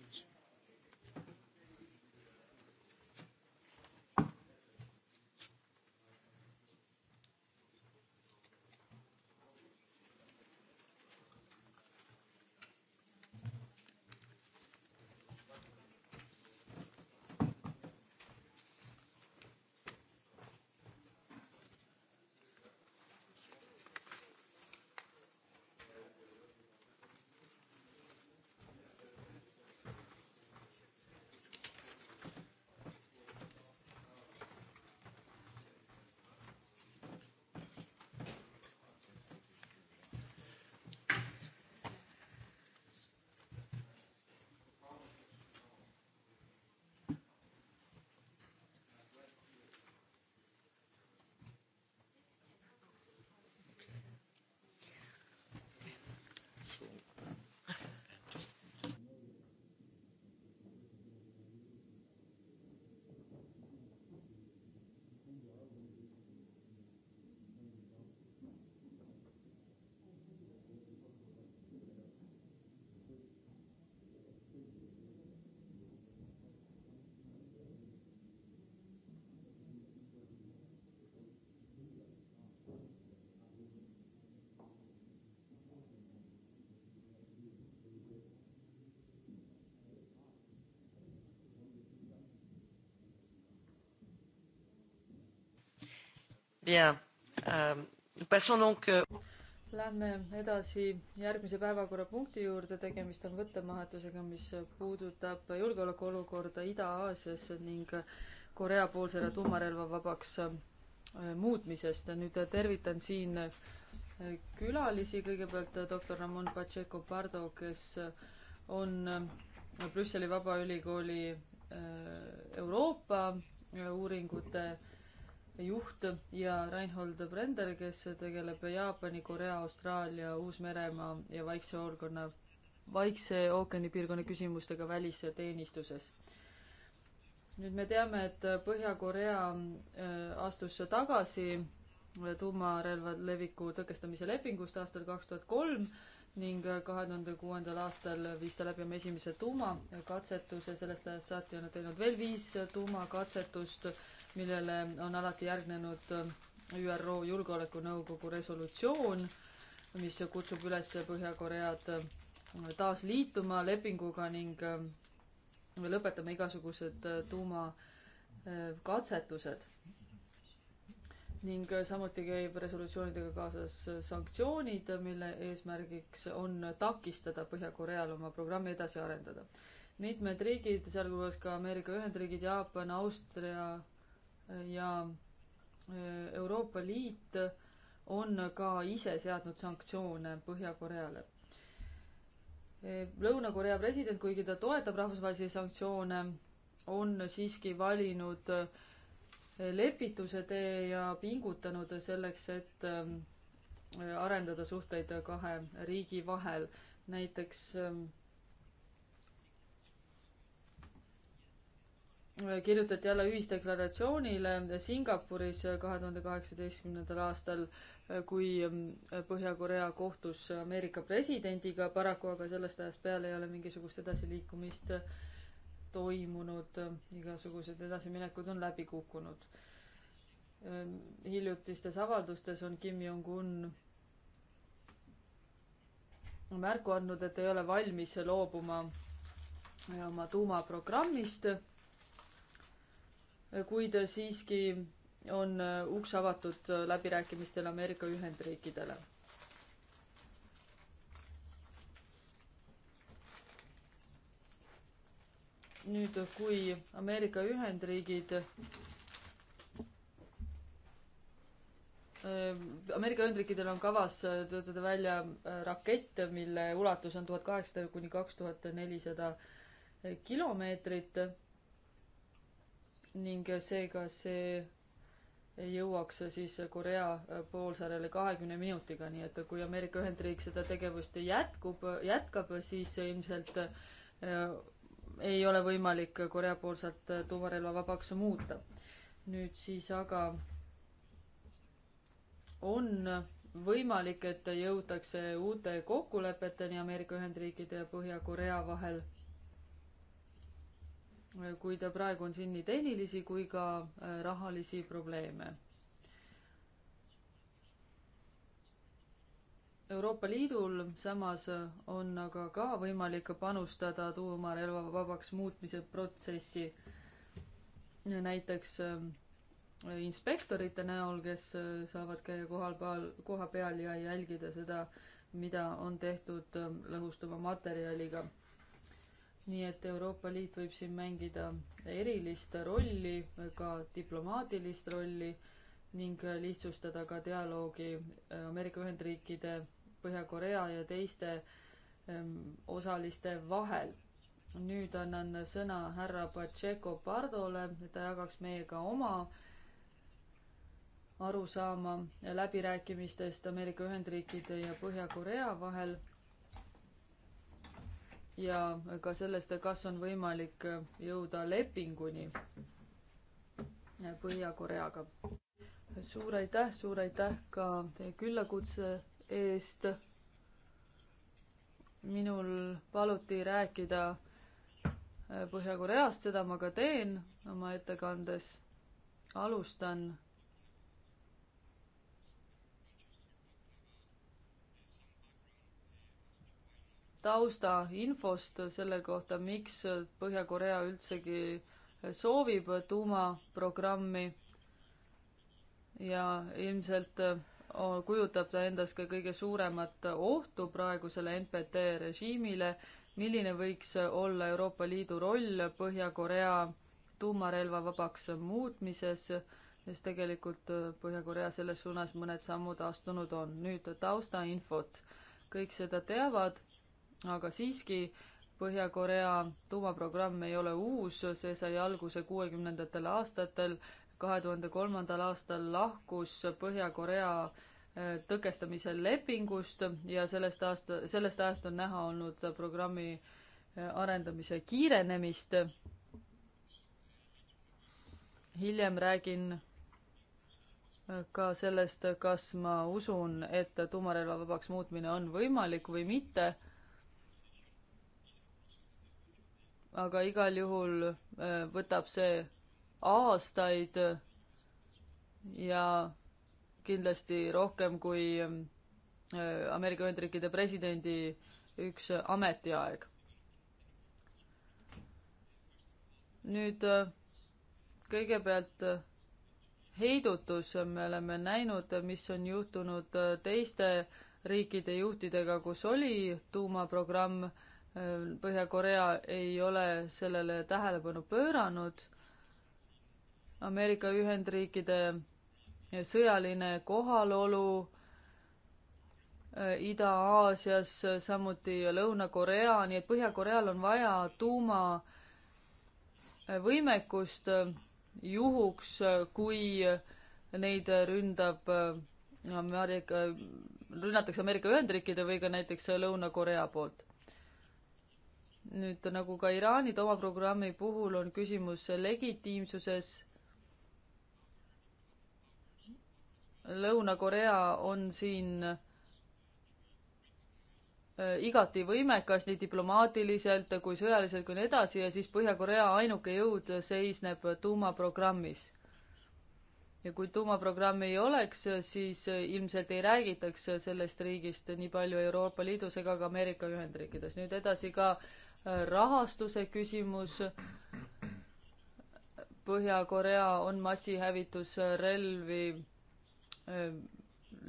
much. Bien. Euh, passons donc... Euh, Lähme edasi järgmise päevakorrapunkti juurde, tegemist on võttemahetusega, mis puudutab julgeolekuolukorda Ida-Aasias ning Korea poolsele tuumarelva vabaks äh, muutmisest. nüüd tervitan siin äh, külalisi, kõigepealt doktor Ramon Pacheco Pardo, kes on äh, Brüsseli Vabaülikooli Euroopa uuringute juht ja Reinhold Brender, kes tegeleb Jaapani, Korea, Austraalia, Uus-Meremaa ja Vaikse Orgona, Vaikse ookeani piirkonna küsimustega välisteenistuses. nüüd me teame, et Põhja-Korea äh, astus tagasi äh, tuumarelva leviku tõkestamise lepingust aastal kaks tuhat kolm ning äh, kahe tuhande kuuendal aastal viis ta läbi oma esimese tuumakatsetuse, sellest ajast saati on nad teinud veel viis tuumakatsetust millele on alati järgnenud äh, ÜRO Julgeolekunõukogu resolutsioon, mis kutsub üles Põhja-Koread äh, taas liituma lepinguga ning me äh, lõpetame igasugused tuumakatsetused. ning samuti käib resolutsioonidega kaasas sanktsioonid, mille eesmärgiks on takistada Põhja-Koreal oma programmi edasi arendada. mitmed riigid, sealhulgas ka Ameerika Ühendriigid, Jaapan, Austria, ja äh, Euroopa Liit on ka ise seadnud sanktsioone Põhja-Koreale. Äh, Lõuna-Korea president, kuigi ta toetab rahvusvahelisi sanktsioone, on siiski valinud äh, lepituse tee ja pingutanud selleks, et ähm, arendada suhteid kahe riigi vahel. näiteks ähm, kirjutati alla ühisdeklaratsioonile Singapuris kahe tuhande kaheksateistkümnendal aastal, kui mm, Põhja-Korea kohtus Ameerika presidendiga, paraku aga sellest ajast peale ei ole mingisugust edasiliikumist toimunud, igasugused edasiminekud on läbi kukkunud. Ehm, hiljutistes avaldustes on Kim Jong-un märku andnud, et ei ole valmis loobuma oma tuumaprogrammist kuid siiski on äh, uks avatud äh, läbirääkimistel Ameerika Ühendriikidele. nüüd, kui Ameerika Ühendriigid ähm, Ameerika Ühendriikidel on kavas äh, töötada välja rakett, mille ulatus on tuhat kaheksasada kuni kaks tuhat nelisada kilomeetrit ning seega see jõuaks siis Korea poolsaarele kahekümne minutiga, nii et kui Ameerika Ühendriik seda tegevust jätkub, jätkab, siis ilmselt eh, ei ole võimalik Korea poolsaart tuumarelva vabaks muuta. nüüd siis aga on võimalik, et jõutakse uute kokkulepeteni Ameerika Ühendriikide ja Põhja-Korea vahel kuid praegu on siin nii tehnilisi kui ka äh, rahalisi probleeme. Euroopa Liidul samas äh, on aga ka võimalik panustada tuumarelva vabaks muutmise protsessi näiteks äh, inspektorite näol, kes saavad käia kohal peal, koha peal ja jälgida seda, mida on tehtud lõhustuva materjaliga nii et Euroopa Liit võib siin mängida erilist rolli, ka diplomaatilist rolli ning lihtsustada ka dialoogi äh, Ameerika Ühendriikide, Põhja-Korea ja teiste ähm, osaliste vahel. nüüd annan sõna härra Pacheco Pardole, et ta jagaks meiega oma arusaama läbirääkimistest Ameerika Ühendriikide ja Põhja-Korea vahel ja ka sellest, kas on võimalik jõuda lepinguni Põhja-Koreaga. suur aitäh, suur aitäh ka teie küllakutse eest. minul paluti rääkida Põhja-Koreast, seda ma ka teen oma ettekandes. alustan taustainfost selle kohta, miks Põhja-Korea üldsegi soovib tuumaprogrammi ja ilmselt äh, kujutab ta endast ka kõige suuremat ohtu praegusele NPT režiimile. milline võiks olla Euroopa Liidu roll Põhja-Korea tuumarelvavabaks muutmises, sest tegelikult äh, Põhja-Korea selles suunas mõned sammud astunud on. nüüd taustainfot, kõik seda teavad aga siiski Põhja-Korea tuumaprogramm ei ole uus, see sai alguse kuuekümnendatel aastatel. kahe tuhande kolmandal aastal lahkus Põhja-Korea äh, tõkestamise lepingust ja sellest aasta, sellest ajast on näha olnud programmi äh, arendamise kiirenemist. hiljem räägin äh, ka sellest, kas ma usun, et tuumarelva vabaks muutmine on võimalik või mitte aga igal juhul äh, võtab see aastaid ja kindlasti rohkem kui äh, Ameerika Ühendriikide presidendi üks ametiaeg. nüüd äh, kõigepealt heidutus, me oleme näinud, mis on juhtunud teiste riikide juhtidega, kus oli tuumaprogramm Äh, Põhja-Korea ei ole sellele tähelepanu pööranud. Ameerika Ühendriikide sõjaline kohalolu äh, Ida-Aasias, samuti Lõuna-Korea, nii et Põhja-Koreal on vaja tuumavõimekust äh, juhuks, kui neid ründab Ameerika, rünnatakse Ameerika Ühendriikide või ka näiteks Lõuna-Korea poolt nüüd nagu ka Iraani tomaprogrammi puhul on küsimus legitiimsuses. Lõuna-Korea on siin äh, igati võimekas nii diplomaatiliselt kui sõjaliselt kui nii edasi ja siis Põhja-Korea ainuke jõud seisneb tuumaprogrammis. ja kui tuumaprogrammi ei oleks, siis ilmselt ei räägitaks sellest riigist nii palju Euroopa Liidus ega ka Ameerika Ühendriikides. nüüd edasi ka äh, rahastuse küsimus. Põhja-Korea on massihävitusrelvi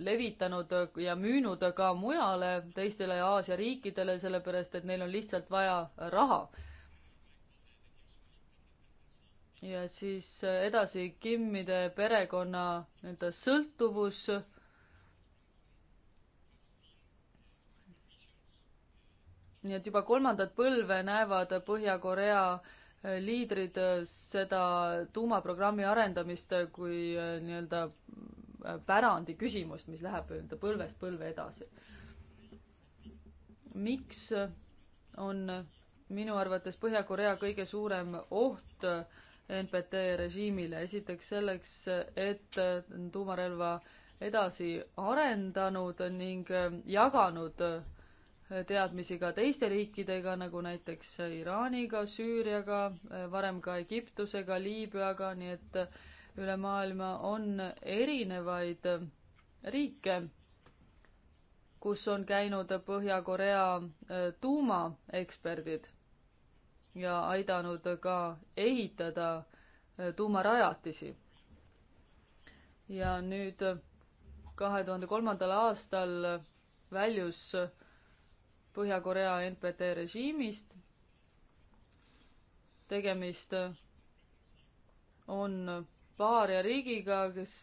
levitanud ja müünud ka mujale teistele Aasia riikidele, sellepärast et neil on lihtsalt vaja raha. ja siis edasi Kimmide perekonna nii-öelda sõltuvus nii et juba kolmandat põlve näevad Põhja-Korea eh, liidrid eh, seda tuumaprogrammi arendamist eh, kui nii-öelda pärandi küsimust, mis läheb nii-öelda põlvest põlve edasi. miks on minu arvates Põhja-Korea kõige suurem oht NPT režiimile, esiteks selleks, et tuumarelva edasi arendanud ning jaganud teadmisi ka teiste riikidega, nagu näiteks Iraaniga, Süüriaga, varem ka Egiptusega, Liibüaga, nii et üle maailma on erinevaid riike, kus on käinud Põhja-Korea äh, tuumaeksperdid ja aidanud ka ehitada äh, tuumarajatisi. ja nüüd äh, kahe tuhande kolmandal aastal väljus Põhja-Korea NPT režiimist. tegemist on paaria riigiga, kes,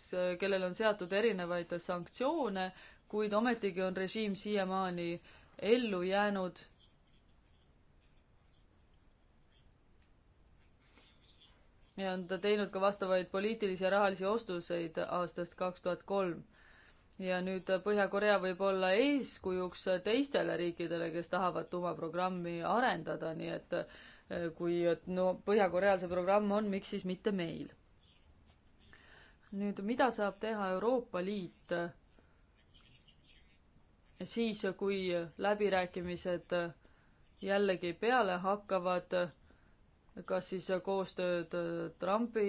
kellel on seatud erinevaid sanktsioone, kuid ometigi on režiim siiamaani ellu jäänud. ja on ta teinud ka vastavaid poliitilisi ja rahalisi ostuseid aastast kaks tuhat kolm ja nüüd äh, Põhja-Korea võib olla eeskujuks äh, teistele riikidele, kes tahavad tuumaprogrammi arendada, nii et äh, kui, et no Põhja-Koreal see programm on, miks siis mitte meil? nüüd, mida saab teha Euroopa Liit siis, kui läbirääkimised jällegi peale hakkavad, kas siis koostööd Trumpi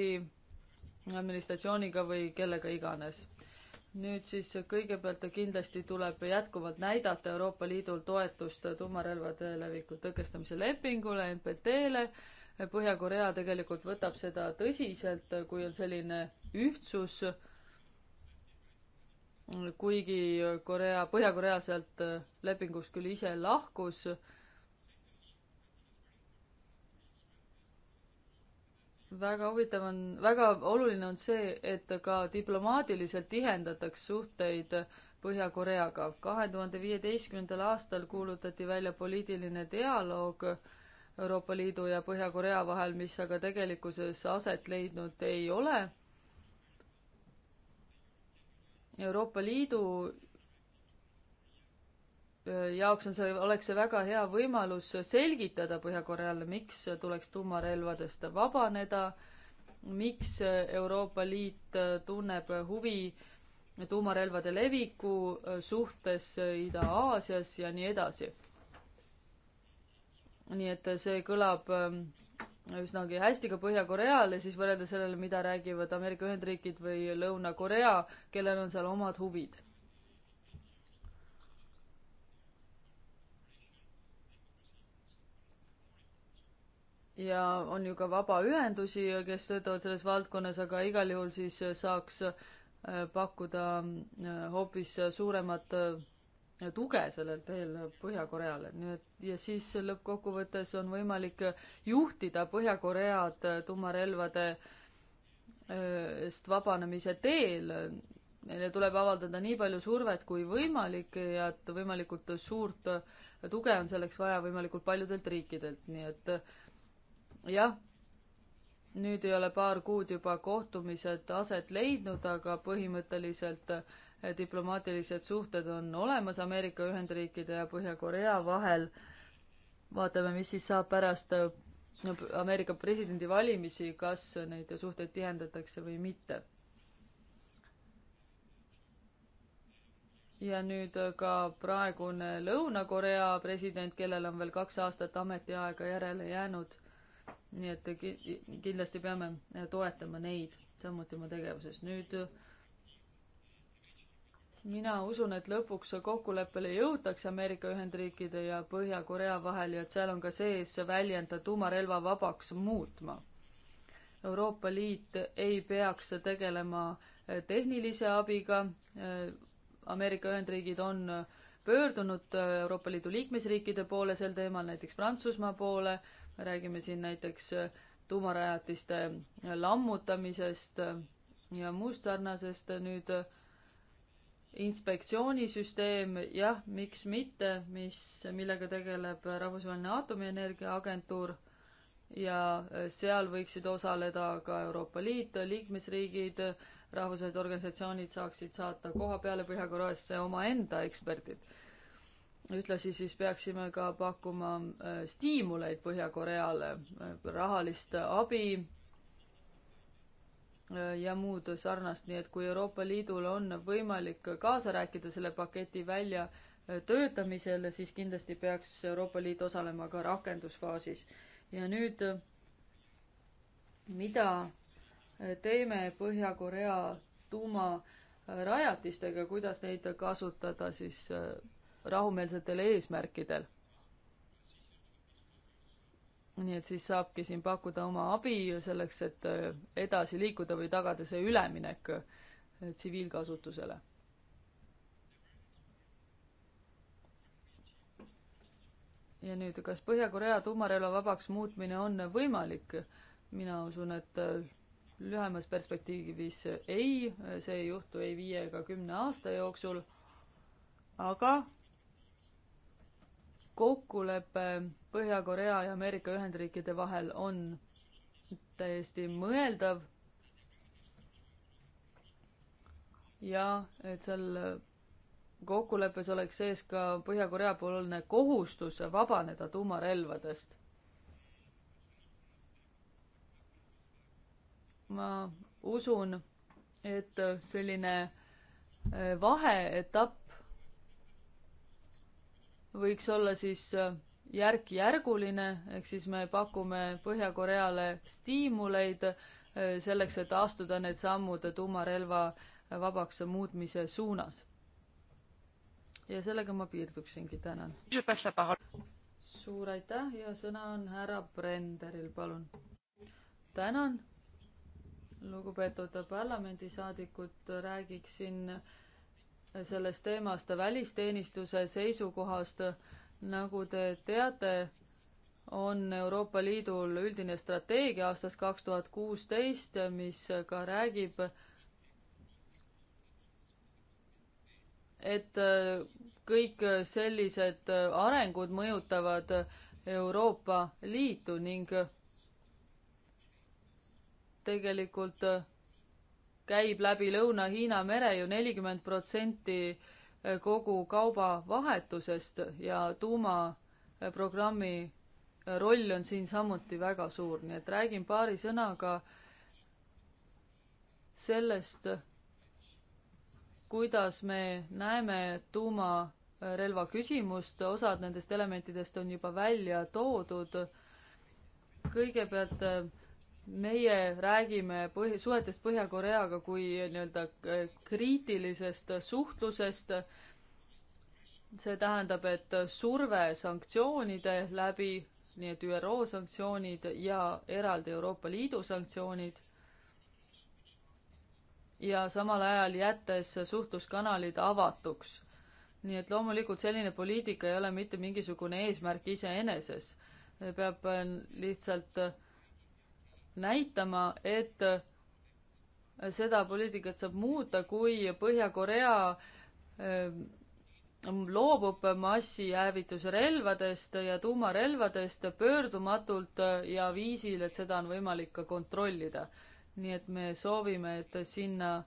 administratsiooniga või kellega iganes? nüüd siis kõigepealt kindlasti tuleb jätkuvalt näidata Euroopa Liidul toetust tuumarelvade leviku tõkestamise lepingule, NPT-le. Põhja-Korea tegelikult võtab seda tõsiselt, kui on selline ühtsus. kuigi Korea, Põhja-Korea sealt lepingust küll ise lahkus väga huvitav on, väga oluline on see, et ka diplomaatiliselt tihendataks suhteid Põhja-Koreaga. kahe tuhande viieteistkümnendal aastal kuulutati välja poliitiline dialoog Euroopa Liidu ja Põhja-Korea vahel, mis aga tegelikkuses aset leidnud ei ole. Euroopa Liidu jaoks on see, oleks see väga hea võimalus selgitada Põhja-Koreale, miks tuleks tuumarelvadest vabaneda, miks Euroopa Liit tunneb huvi tuumarelvade leviku suhtes Ida-Aasias ja nii edasi. nii et see kõlab üsnagi hästi ka Põhja-Koreale, siis võrreldes sellele, mida räägivad Ameerika Ühendriigid või Lõuna-Korea, kellel on seal omad huvid ja on ju ka vabaühendusi, kes töötavad selles valdkonnas, aga igal juhul siis äh, saaks äh, pakkuda äh, hoopis suuremat tuge sellel teel Põhja-Koreale, nii et ja siis lõppkokkuvõttes on võimalik juhtida Põhja-Koread tuumarelvadest vabanemise teel. Neile tuleb avaldada nii palju survet kui võimalik ja et võimalikult suurt tuge on selleks vaja võimalikult paljudelt riikidelt, nii et äh, jah, nüüd ei ole paar kuud juba kohtumised aset leidnud, aga põhimõtteliselt eh, diplomaatilised suhted on olemas Ameerika Ühendriikide ja Põhja-Korea vahel. vaatame, mis siis saab pärast eh, Ameerika presidendivalimisi, kas neid suhteid tihendatakse või mitte. ja nüüd eh, ka praegune Lõuna-Korea president, kellel on veel kaks aastat ametiaega järele jäänud nii et kindlasti peame eh, toetama neid samuti oma tegevuses. nüüd mina usun, et lõpuks kokkuleppele jõutakse Ameerika Ühendriikide ja Põhja-Korea vahel ja et seal on ka sees väljend tuumarelva vabaks muutma. Euroopa Liit ei peaks tegelema eh, tehnilise abiga. Eh, Ameerika Ühendriigid on pöördunud Euroopa Liidu liikmesriikide poole sel teemal, näiteks Prantsusmaa poole räägime siin näiteks äh, tuumarajatiste äh, lammutamisest äh, ja muust sarnasest, nüüd inspektsioonisüsteem, jah, miks mitte, mis, millega tegeleb Rahvusvaheline Aatomienergia Agentuur ja seal võiksid osaleda ka Euroopa Liit, liikmesriigid, rahvusvahelised organisatsioonid saaksid saata koha peale Põhja-Koreasse omaenda eksperdid ühtlasi siis peaksime ka pakkuma äh, stiimuleid Põhja-Koreale, äh, rahalist äh, abi ja muud sarnast, nii et kui Euroopa Liidul on võimalik kaasa rääkida selle paketi väljatöötamisel, siis kindlasti peaks Euroopa Liit osalema ka rakendusfaasis. ja nüüd, mida teeme Põhja-Korea tuumarajatistega, kuidas neid kasutada siis rahumeelsetel eesmärkidel. nii et siis saabki siin pakkuda oma abi selleks, et äh, edasi liikuda või tagada see üleminek äh, tsiviilkasutusele ja nüüd, kas Põhja-Korea tuumarelva vabaks muutmine on võimalik? mina usun, et äh, lühemas perspektiivis ei, see ei juhtu ei viie ega kümne aasta jooksul. aga kokkulepe Põhja-Korea ja Ameerika Ühendriikide vahel on täiesti mõeldav ja et seal kokkuleppes oleks sees ka Põhja-Korea poolne kohustus vabaneda tuumarelvadest. ma usun, et selline eh, vaheetapp võiks olla siis äh, järk-järguline, ehk siis me pakume Põhja-Koreale stiimuleid äh, selleks, et astuda need sammud tuumarelva äh, vabaks muutmise suunas. ja sellega ma piirduksingi, tänan. suur aitäh ja sõna on härra Brenderil, palun. tänan, lugupeetud parlamendisaadikud, räägiksin äh, sellest teemast välisteenistuse seisukohast. nagu te teate, on Euroopa Liidul üldine strateegia aastast kaks tuhat kuusteist, mis ka räägib, et kõik sellised arengud mõjutavad Euroopa Liitu ning tegelikult käib läbi Lõuna-Hiina mere ju nelikümmend protsenti eh, kogu kaubavahetusest ja tuumaprogrammi eh, roll on siin samuti väga suur, nii et räägin paari sõnaga sellest, kuidas me näeme tuumarelva küsimust, osad nendest elementidest on juba välja toodud. kõigepealt äh, meie räägime põhi, suhetest Põhja-Koreaga kui nii-öelda kriitilisest suhtlusest. see tähendab, et surve sanktsioonide läbi, nii et ÜRO sanktsioonid ja eraldi Euroopa Liidu sanktsioonid. ja samal ajal jättes suhtluskanalid avatuks. nii et loomulikult selline poliitika ei ole mitte mingisugune eesmärk iseeneses. peab lihtsalt äh, näitama, et seda poliitikat saab muuta, kui Põhja-Korea ähm, loobub massihävitusrelvadest ja tuumarelvadest pöördumatult ja viisil, et seda on võimalik ka kontrollida. nii et me soovime, et sinna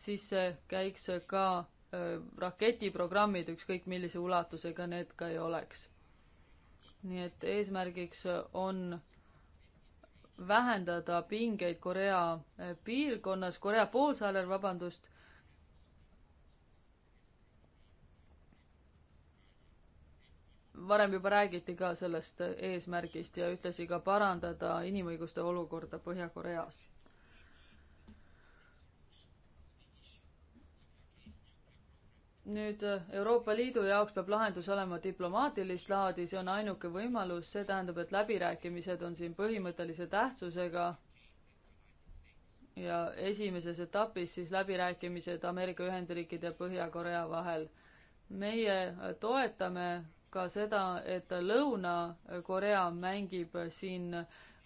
sisse käiks ka äh, raketiprogrammid, ükskõik millise ulatusega need ka ei oleks. nii et eesmärgiks on vähendada pingeid Korea eh, piirkonnas, Korea poolsaarel, vabandust. varem juba räägiti ka sellest eh, eesmärgist ja ühtlasi ka parandada inimõiguste olukorda Põhja-Koreas nüüd äh, Euroopa Liidu jaoks peab lahendus olema diplomaatilist laadi, see on ainuke võimalus, see tähendab, et läbirääkimised on siin põhimõttelise tähtsusega. ja esimeses etapis siis läbirääkimised Ameerika Ühendriikide ja Põhja-Korea vahel. meie äh, toetame ka seda, et Lõuna-Korea mängib äh, siin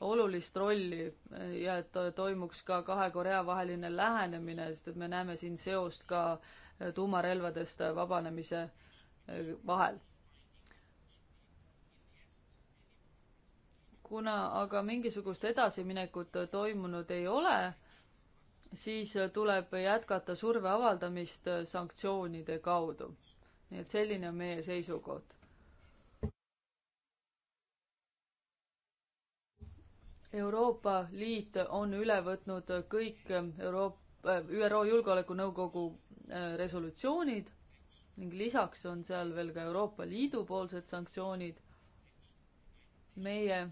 olulist rolli ja et toimuks ka kahe Korea vaheline lähenemine, sest et me näeme siin seost ka äh, tuumarelvadest vabanemise äh, vahel. kuna aga mingisugust edasiminekut toimunud ei ole, siis tuleb jätkata surve avaldamist sanktsioonide kaudu. nii et selline on meie seisukoht. Euroopa Liit on üle võtnud kõik Euroopa ÜRO Julgeolekunõukogu äh, resolutsioonid ning lisaks on seal veel ka Euroopa Liidu poolsed sanktsioonid. meie äh,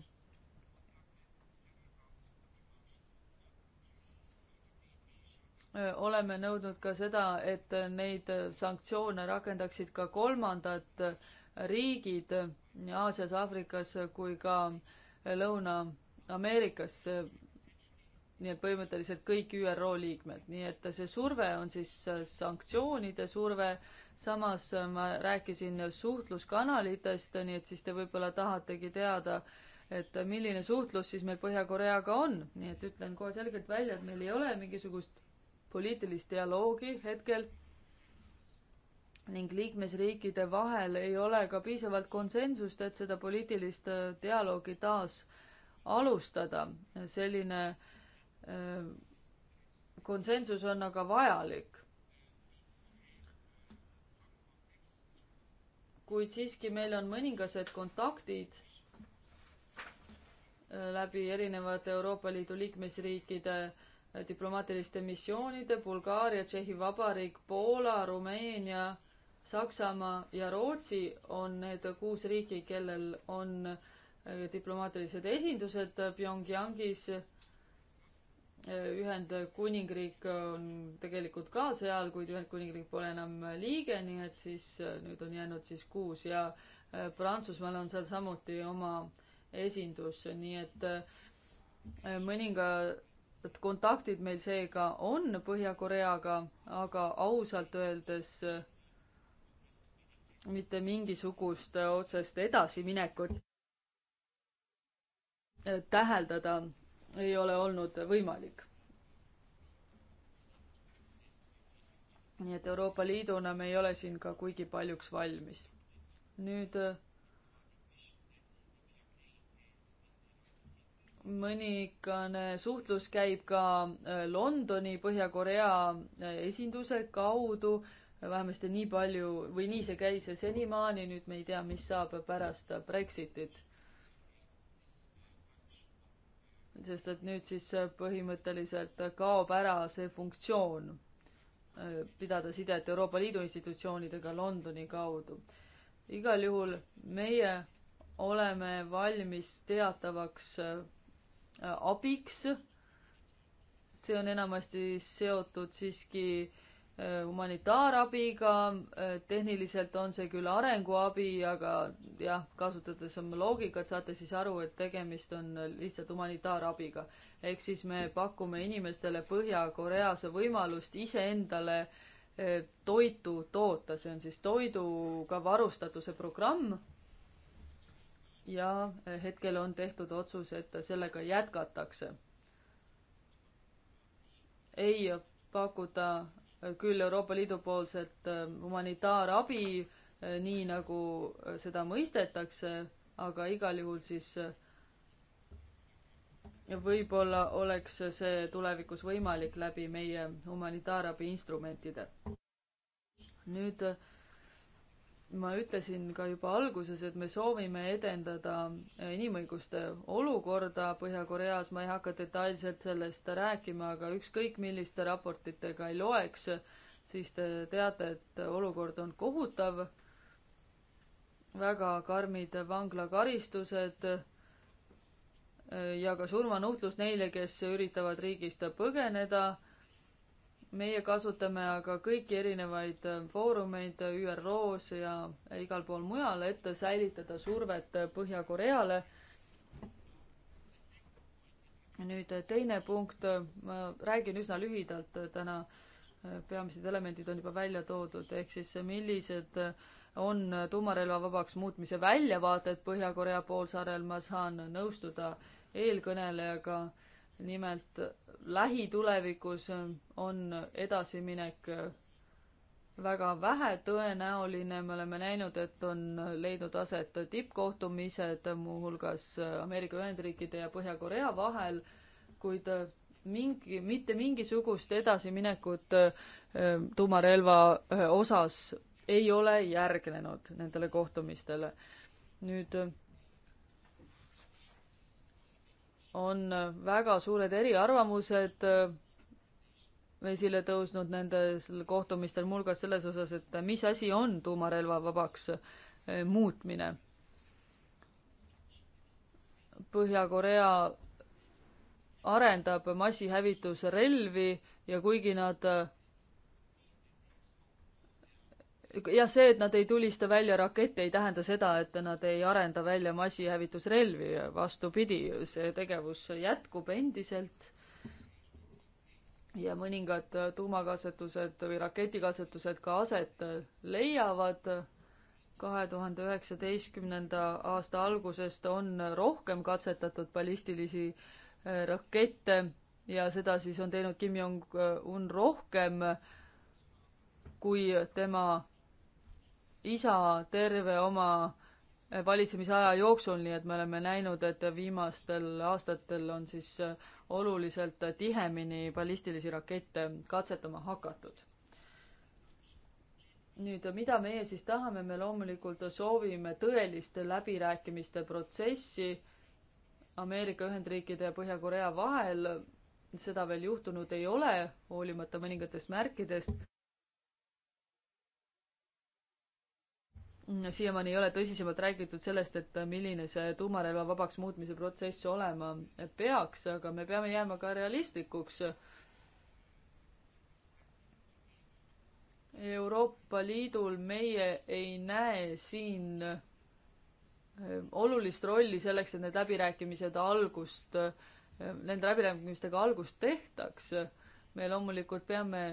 oleme nõudnud ka seda, et neid sanktsioone rakendaksid ka kolmandad riigid nii Aasias, Aafrikas kui ka Lõuna-Ameerikas nii et põhimõtteliselt kõik ÜRO liikmed, nii et see surve on siis äh, sanktsioonide surve, samas äh, ma rääkisin suhtluskanalitest, nii et siis te võib-olla tahategi teada, et äh, milline suhtlus siis meil Põhja-Koreaga on, nii et ütlen kohe selgelt välja, et meil ei ole mingisugust poliitilist dialoogi hetkel ning liikmesriikide vahel ei ole ka piisavalt konsensust, et seda poliitilist dialoogi taas alustada. selline äh, Äh, konsensus on aga vajalik. kuid siiski meil on mõningased kontaktid äh, läbi erinevate Euroopa Liidu liikmesriikide äh, diplomaatiliste missioonide Bulgaaria, Tšehhi Vabariik, Poola, Rumeenia, Saksamaa ja Rootsi on need kuus riiki, kellel on diplomaatilised esindused Pyongyangis Ühendkuningriik on tegelikult ka seal, kuid Ühendkuningriik pole enam liige, nii et siis äh, nüüd on jäänud siis kuus ja äh, Prantsusmaal on seal samuti oma esindus, nii et äh, mõningad kontaktid meil seega on Põhja-Koreaga, aga ausalt öeldes mitte mingisugust otsest edasiminekut täheldada ei ole olnud võimalik. nii et Euroopa Liiduna me ei ole siin ka kuigi paljuks valmis. nüüd mõnikane suhtlus käib ka äh, Londoni Põhja-Korea äh, esinduse kaudu, vähemasti nii palju või nii see käis ja senimaani, nüüd me ei tea, mis saab pärast Brexitit sest et nüüd siis äh, põhimõtteliselt äh, kaob ära see funktsioon äh, pidada sidet Euroopa Liidu institutsioonidega Londoni kaudu. igal juhul meie oleme valmis teatavaks abiks. see on enamasti seotud siiski äh, Äh, humanitaarabiga, äh, tehniliselt on see küll arenguabi, aga jah, kasutades oma loogikat, saate siis aru, et tegemist on lihtsalt humanitaarabiga. ehk siis me pakume inimestele Põhja-Koreas võimalust iseendale äh, toitu toota, see on siis toiduga varustatuse programm. ja hetkel on tehtud otsus, et sellega jätkatakse. ei pakuda küll Euroopa Liidu poolset äh, humanitaarabi, äh, nii nagu äh, seda mõistetakse, aga igal juhul siis võib-olla oleks see tulevikus võimalik läbi meie humanitaarabi instrumentide. nüüd ma ütlesin ka juba alguses, et me soovime edendada äh, inimõiguste olukorda Põhja-Koreas, ma ei hakka detailselt sellest rääkima, aga ükskõik milliste raportitega ei loeks, siis te teate, et olukord on kohutav. väga karmid vanglakaristused äh, ja ka surmanuhtlus neile, kes üritavad riigist põgeneda meie kasutame aga kõiki erinevaid äh, foorumeid äh, ÜRO-s ja äh, igal pool mujal, et säilitada survet Põhja-Koreale. nüüd teine punkt, ma räägin üsna lühidalt täna, peamised elemendid on juba välja toodud, ehk siis millised on tuumarelva vabaks muutmise väljavaated Põhja-Korea poolsaarel, ma saan nõustuda eelkõnelejaga äh, nimelt lähitulevikus on edasiminek väga vähe tõenäoline, me oleme näinud, et on leidnud aset tippkohtumised muuhulgas Ameerika Ühendriikide ja Põhja-Korea vahel, kuid mingi, mitte mingisugust edasiminekut ehm, tuumarelva eh, osas ei ole järgnenud nendele kohtumistele. nüüd on väga suured eriarvamused äh, esile tõusnud nendel kohtumistel, muuhulgas selles osas, et mis asi on tuumarelva vabaks äh, muutmine. Põhja-Korea arendab massihävitusrelvi ja kuigi nad äh, ja see, et nad ei tulista välja rakette, ei tähenda seda, et nad ei arenda välja massihävitusrelvi, vastupidi, see tegevus jätkub endiselt. ja mõningad tuumakatsetused või raketikatsetused ka aset leiavad. kahe tuhande üheksateistkümnenda aasta algusest on rohkem katsetatud ballistilisi äh, rakette ja seda siis on teinud Kim Jong-un rohkem kui tema isa terve oma eh, valitsemisaja jooksul, nii et me oleme näinud, et viimastel aastatel on siis eh, oluliselt tihemini ballistilisi rakette katsetama hakatud. nüüd, mida meie siis tahame, me loomulikult soovime tõelist läbirääkimiste protsessi Ameerika Ühendriikide ja Põhja-Korea vahel. seda veel juhtunud ei ole, hoolimata mõningatest märkidest siiamaani ei ole tõsisemalt räägitud sellest, et milline see tuumarelva vabaks muutmise protsess olema peaks, aga me peame jääma ka realistlikuks. Euroopa Liidul meie ei näe siin eh, olulist rolli selleks, et need läbirääkimised algust, eh, nende läbirääkimistega algust tehtaks. me loomulikult peame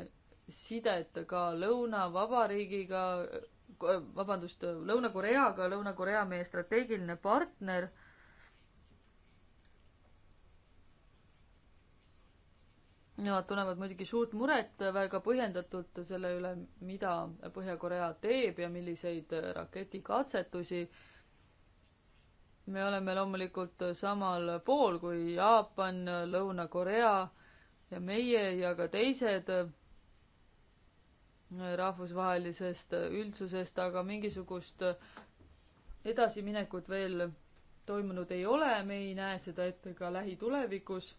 sidet ka Lõunavabariigiga vabandust, Lõuna-Koreaga, Lõuna-Korea meie strateegiline partner. Nemad tunnevad muidugi suurt muret väga põhjendatult selle üle, mida Põhja-Korea teeb ja milliseid raketikatsetusi. me oleme loomulikult samal pool kui Jaapan, Lõuna-Korea ja meie ja ka teised rahvusvahelisest üldsusest, aga mingisugust edasiminekut veel toimunud ei ole, me ei näe seda ette ka lähitulevikus,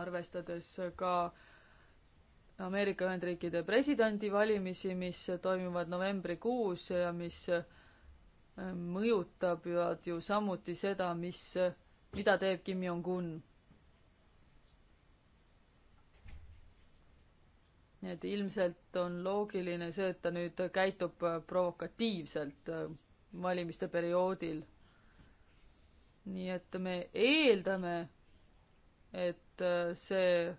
arvestades ka Ameerika Ühendriikide presidendivalimisi, mis toimuvad novembrikuus ja mis äh, mõjutab ju samuti seda, mis, mida teeb Kim Jong-un nii et ilmselt on loogiline see, et ta nüüd käitub äh, provokatiivselt äh, valimiste perioodil. nii et me eeldame, et äh, see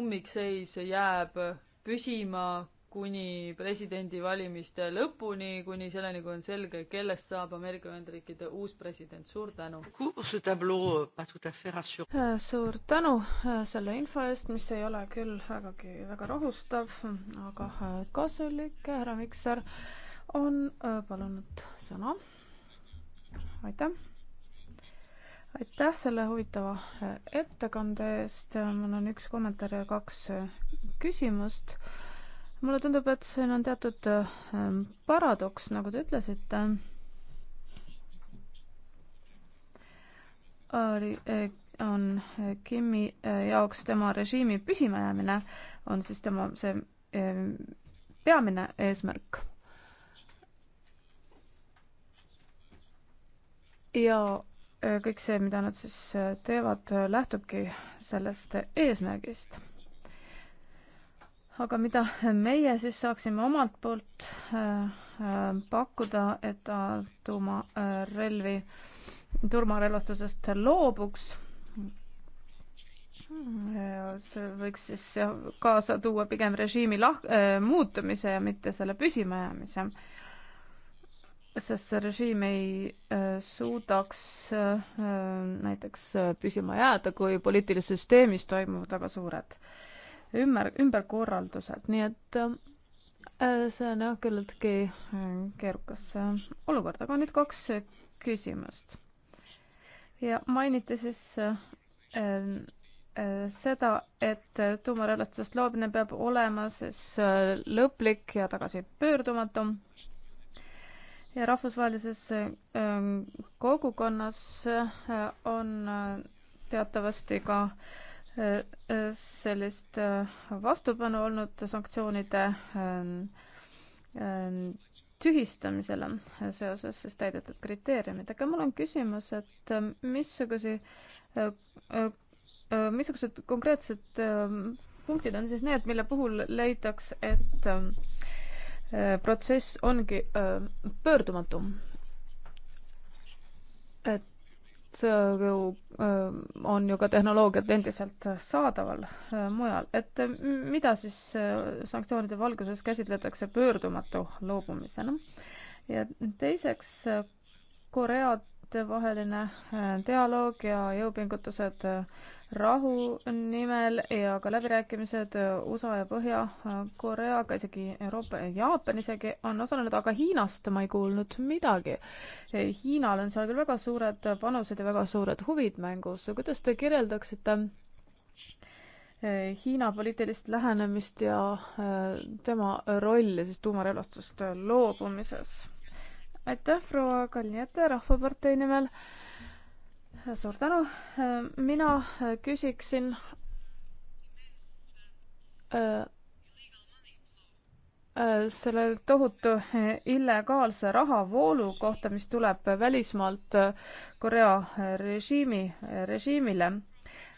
ummikseis jääb püsima kuni presidendivalimiste lõpuni, kuni selleni, kui on selge, kellest saab Ameerika Ühendriikide uus president. suur tänu! Euh, äh, suur tänu äh, selle info eest, mis ei ole küll vägagi, väga rahustav, aga äh, kasulik. härra Mikser on palunud sõna. aitäh! aitäh selle huvitava ettekande eest. mul on üks kommentaar ja kaks küsimust mulle tundub, et siin on teatud ähm, paradoks, nagu te ütlesite. Äh, on äh, Kimi äh, jaoks tema režiimi püsimajäämine on siis tema see ähm, peamine eesmärk. ja kõik see, mida nad siis teevad, lähtubki sellest eesmärgist aga mida meie siis saaksime omalt poolt äh, äh, pakkuda, et tuumarelvi, äh, turmarelvastusest loobuks? see võiks siis kaasa tuua pigem režiimi lah-, muutumise ja mitte selle püsimajäämise sest see režiim ei suudaks näiteks püsima jääda, kui poliitilises süsteemis toimuvad väga suured ümber, ümberkorraldused, nii et äh, see on jah, küllaltki äh, keerukas äh, olukord, aga nüüd kaks küsimust. ja mainiti siis seda, et tuumarelvastusest loobumine peab olema siis lõplik ja tagasipöördumatu. ja rahvusvahelises kogukonnas on teatavasti ka äh, sellist äh, vastupanu olnud sanktsioonide ähm, ähm, tühistamisele seoses siis täidetud kriteeriumidega. mul on küsimus, et ähm, missuguse, äh, äh, missugused konkreetsed punktid on siis need, mille puhul leidaks, et protsess ongi pöördumatu? et Äh, äh, on ju ka tehnoloogiat endiselt saadaval äh, mujal, et mida siis sanktsioonide valguses käsitletakse pöördumatu loobumisena? ja teiseks, Korea vaheline äh, dialoog ja jõupingutused äh, rahu nimel ja ka läbirääkimised äh, USA ja Põhja-Koreaga, isegi Euroopa ja Jaapan isegi on osalenud, aga Hiinast ma ei kuulnud midagi. Hiinal on seal küll väga suured panused ja väga suured huvid mängus. kuidas te kirjeldaksite Hiina poliitilist lähenemist ja tema rolli siis tuumarelvastust loobumises? aitäh, proua Kalniete Rahvapartei nimel. suur tänu. mina küsiksin äh, äh selle tohutu illegaalse rahavoolu kohta, mis tuleb välismaalt äh, Korea režiimi, äh, režiimile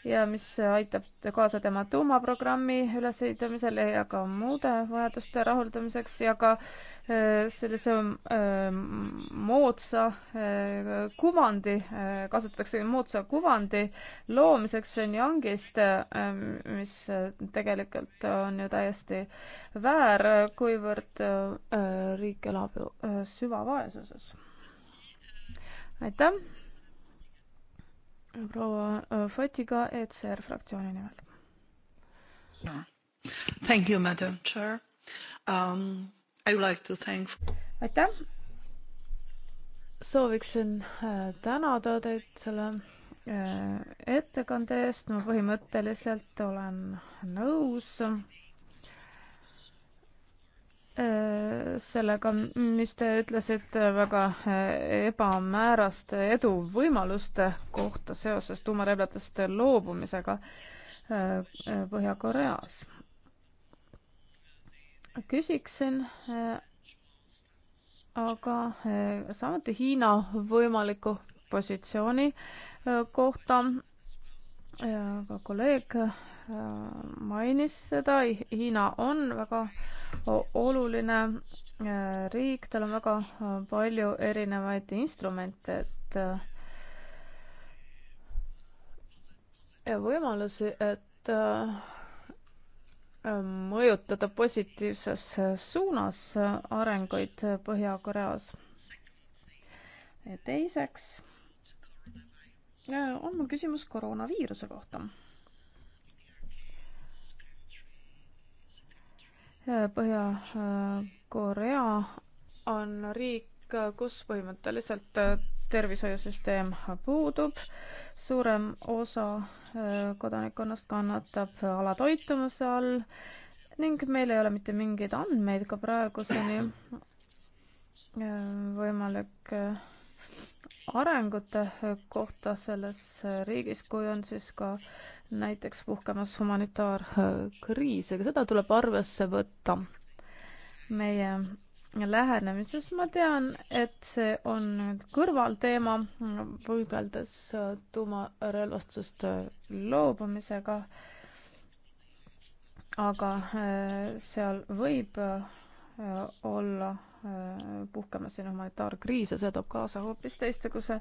ja mis aitab kaasa tema tuumaprogrammi ülesehitamisele ja ka muude vajaduste rahuldamiseks ja ka Äh, sellise äh, moodsa äh, kuvandi, kasutatakse moodsa kuvandi loomiseks Shenyangist, mis tegelikult on ju täiesti väär, kuivõrd riik elab ju süvavaesuses. aitäh, proua Fotiga ECR fraktsiooni nimel. Thank you, madam chair um.... Like thank... aitäh! sooviksin äh, tänada teid selle äh, ettekande eest, ma põhimõtteliselt olen nõus äh, sellega, mis te ütlesite väga ebamääraste eduvõimaluste kohta seoses tuumarelvadest loobumisega Põhja-Koreas küsiksin äh, aga äh, samuti Hiina võimaliku positsiooni äh, kohta. ka kolleeg mainis seda, Hiina on väga oluline riik, tal on väga palju erinevaid instrumente, et võimalusi, et mõjutada positiivses suunas arenguid Põhja-Koreas. teiseks on mul küsimus koroonaviiruse kohta. Põhja-Korea on riik, kus põhimõtteliselt tervishoiusüsteem puudub, suurem osa äh, kodanikkonnast kannatab alatoitumuse all ning meil ei ole mitte mingeid andmeid ka praeguseni äh, võimalik äh, arengute kohta selles riigis, kui on siis ka näiteks puhkemas humanitaarkriis, aga seda tuleb arvesse võtta meie lähenemises. ma tean, et see on nüüd kõrvalteema võideldes äh, tuumarelvastust äh, loobumisega. aga äh, seal võib olla puhkemas siin humanitaarkriis ja see toob kaasa hoopis teistsuguse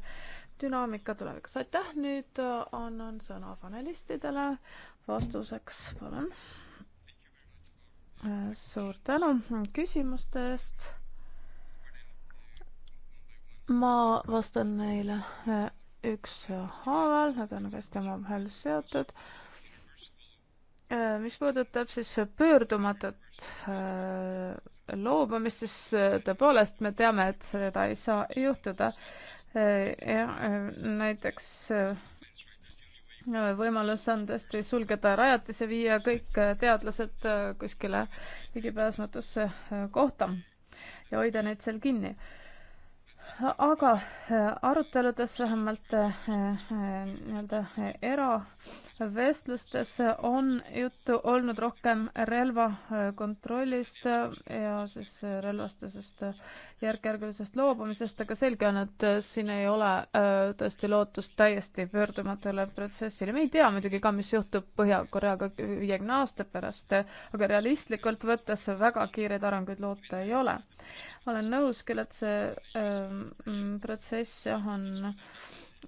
dünaamika tulevikus. aitäh, nüüd annan sõna panelistidele vastuseks, palun suur tänu küsimuste eest. ma vastan neile e, ükshaaval, nad on hästi omavahel seotud. E, mis puudutab siis pöördumatut e, loobumist, siis tõepoolest me teame, et seda ei saa juhtuda. jah, näiteks võimalus on tõesti sulgeda rajatis ja viia kõik teadlased äh, kuskile ligipääsmatusse äh, kohta ja hoida neid seal kinni aga äh, aruteludes vähemalt äh, äh, nii-öelda eravestlustes on juttu olnud rohkem relvakontrollist ja siis relvastusest järk-järgulisest loobumisest, aga selge on, et siin ei ole tõesti lootust täiesti pöördumatule protsessile. me ei tea muidugi ka, mis juhtub Põhja-Koreaga viiekümne aasta pärast, aga realistlikult võttes väga kiireid arenguid loota ei ole olen nõus küll, et see ähm, mm, protsess on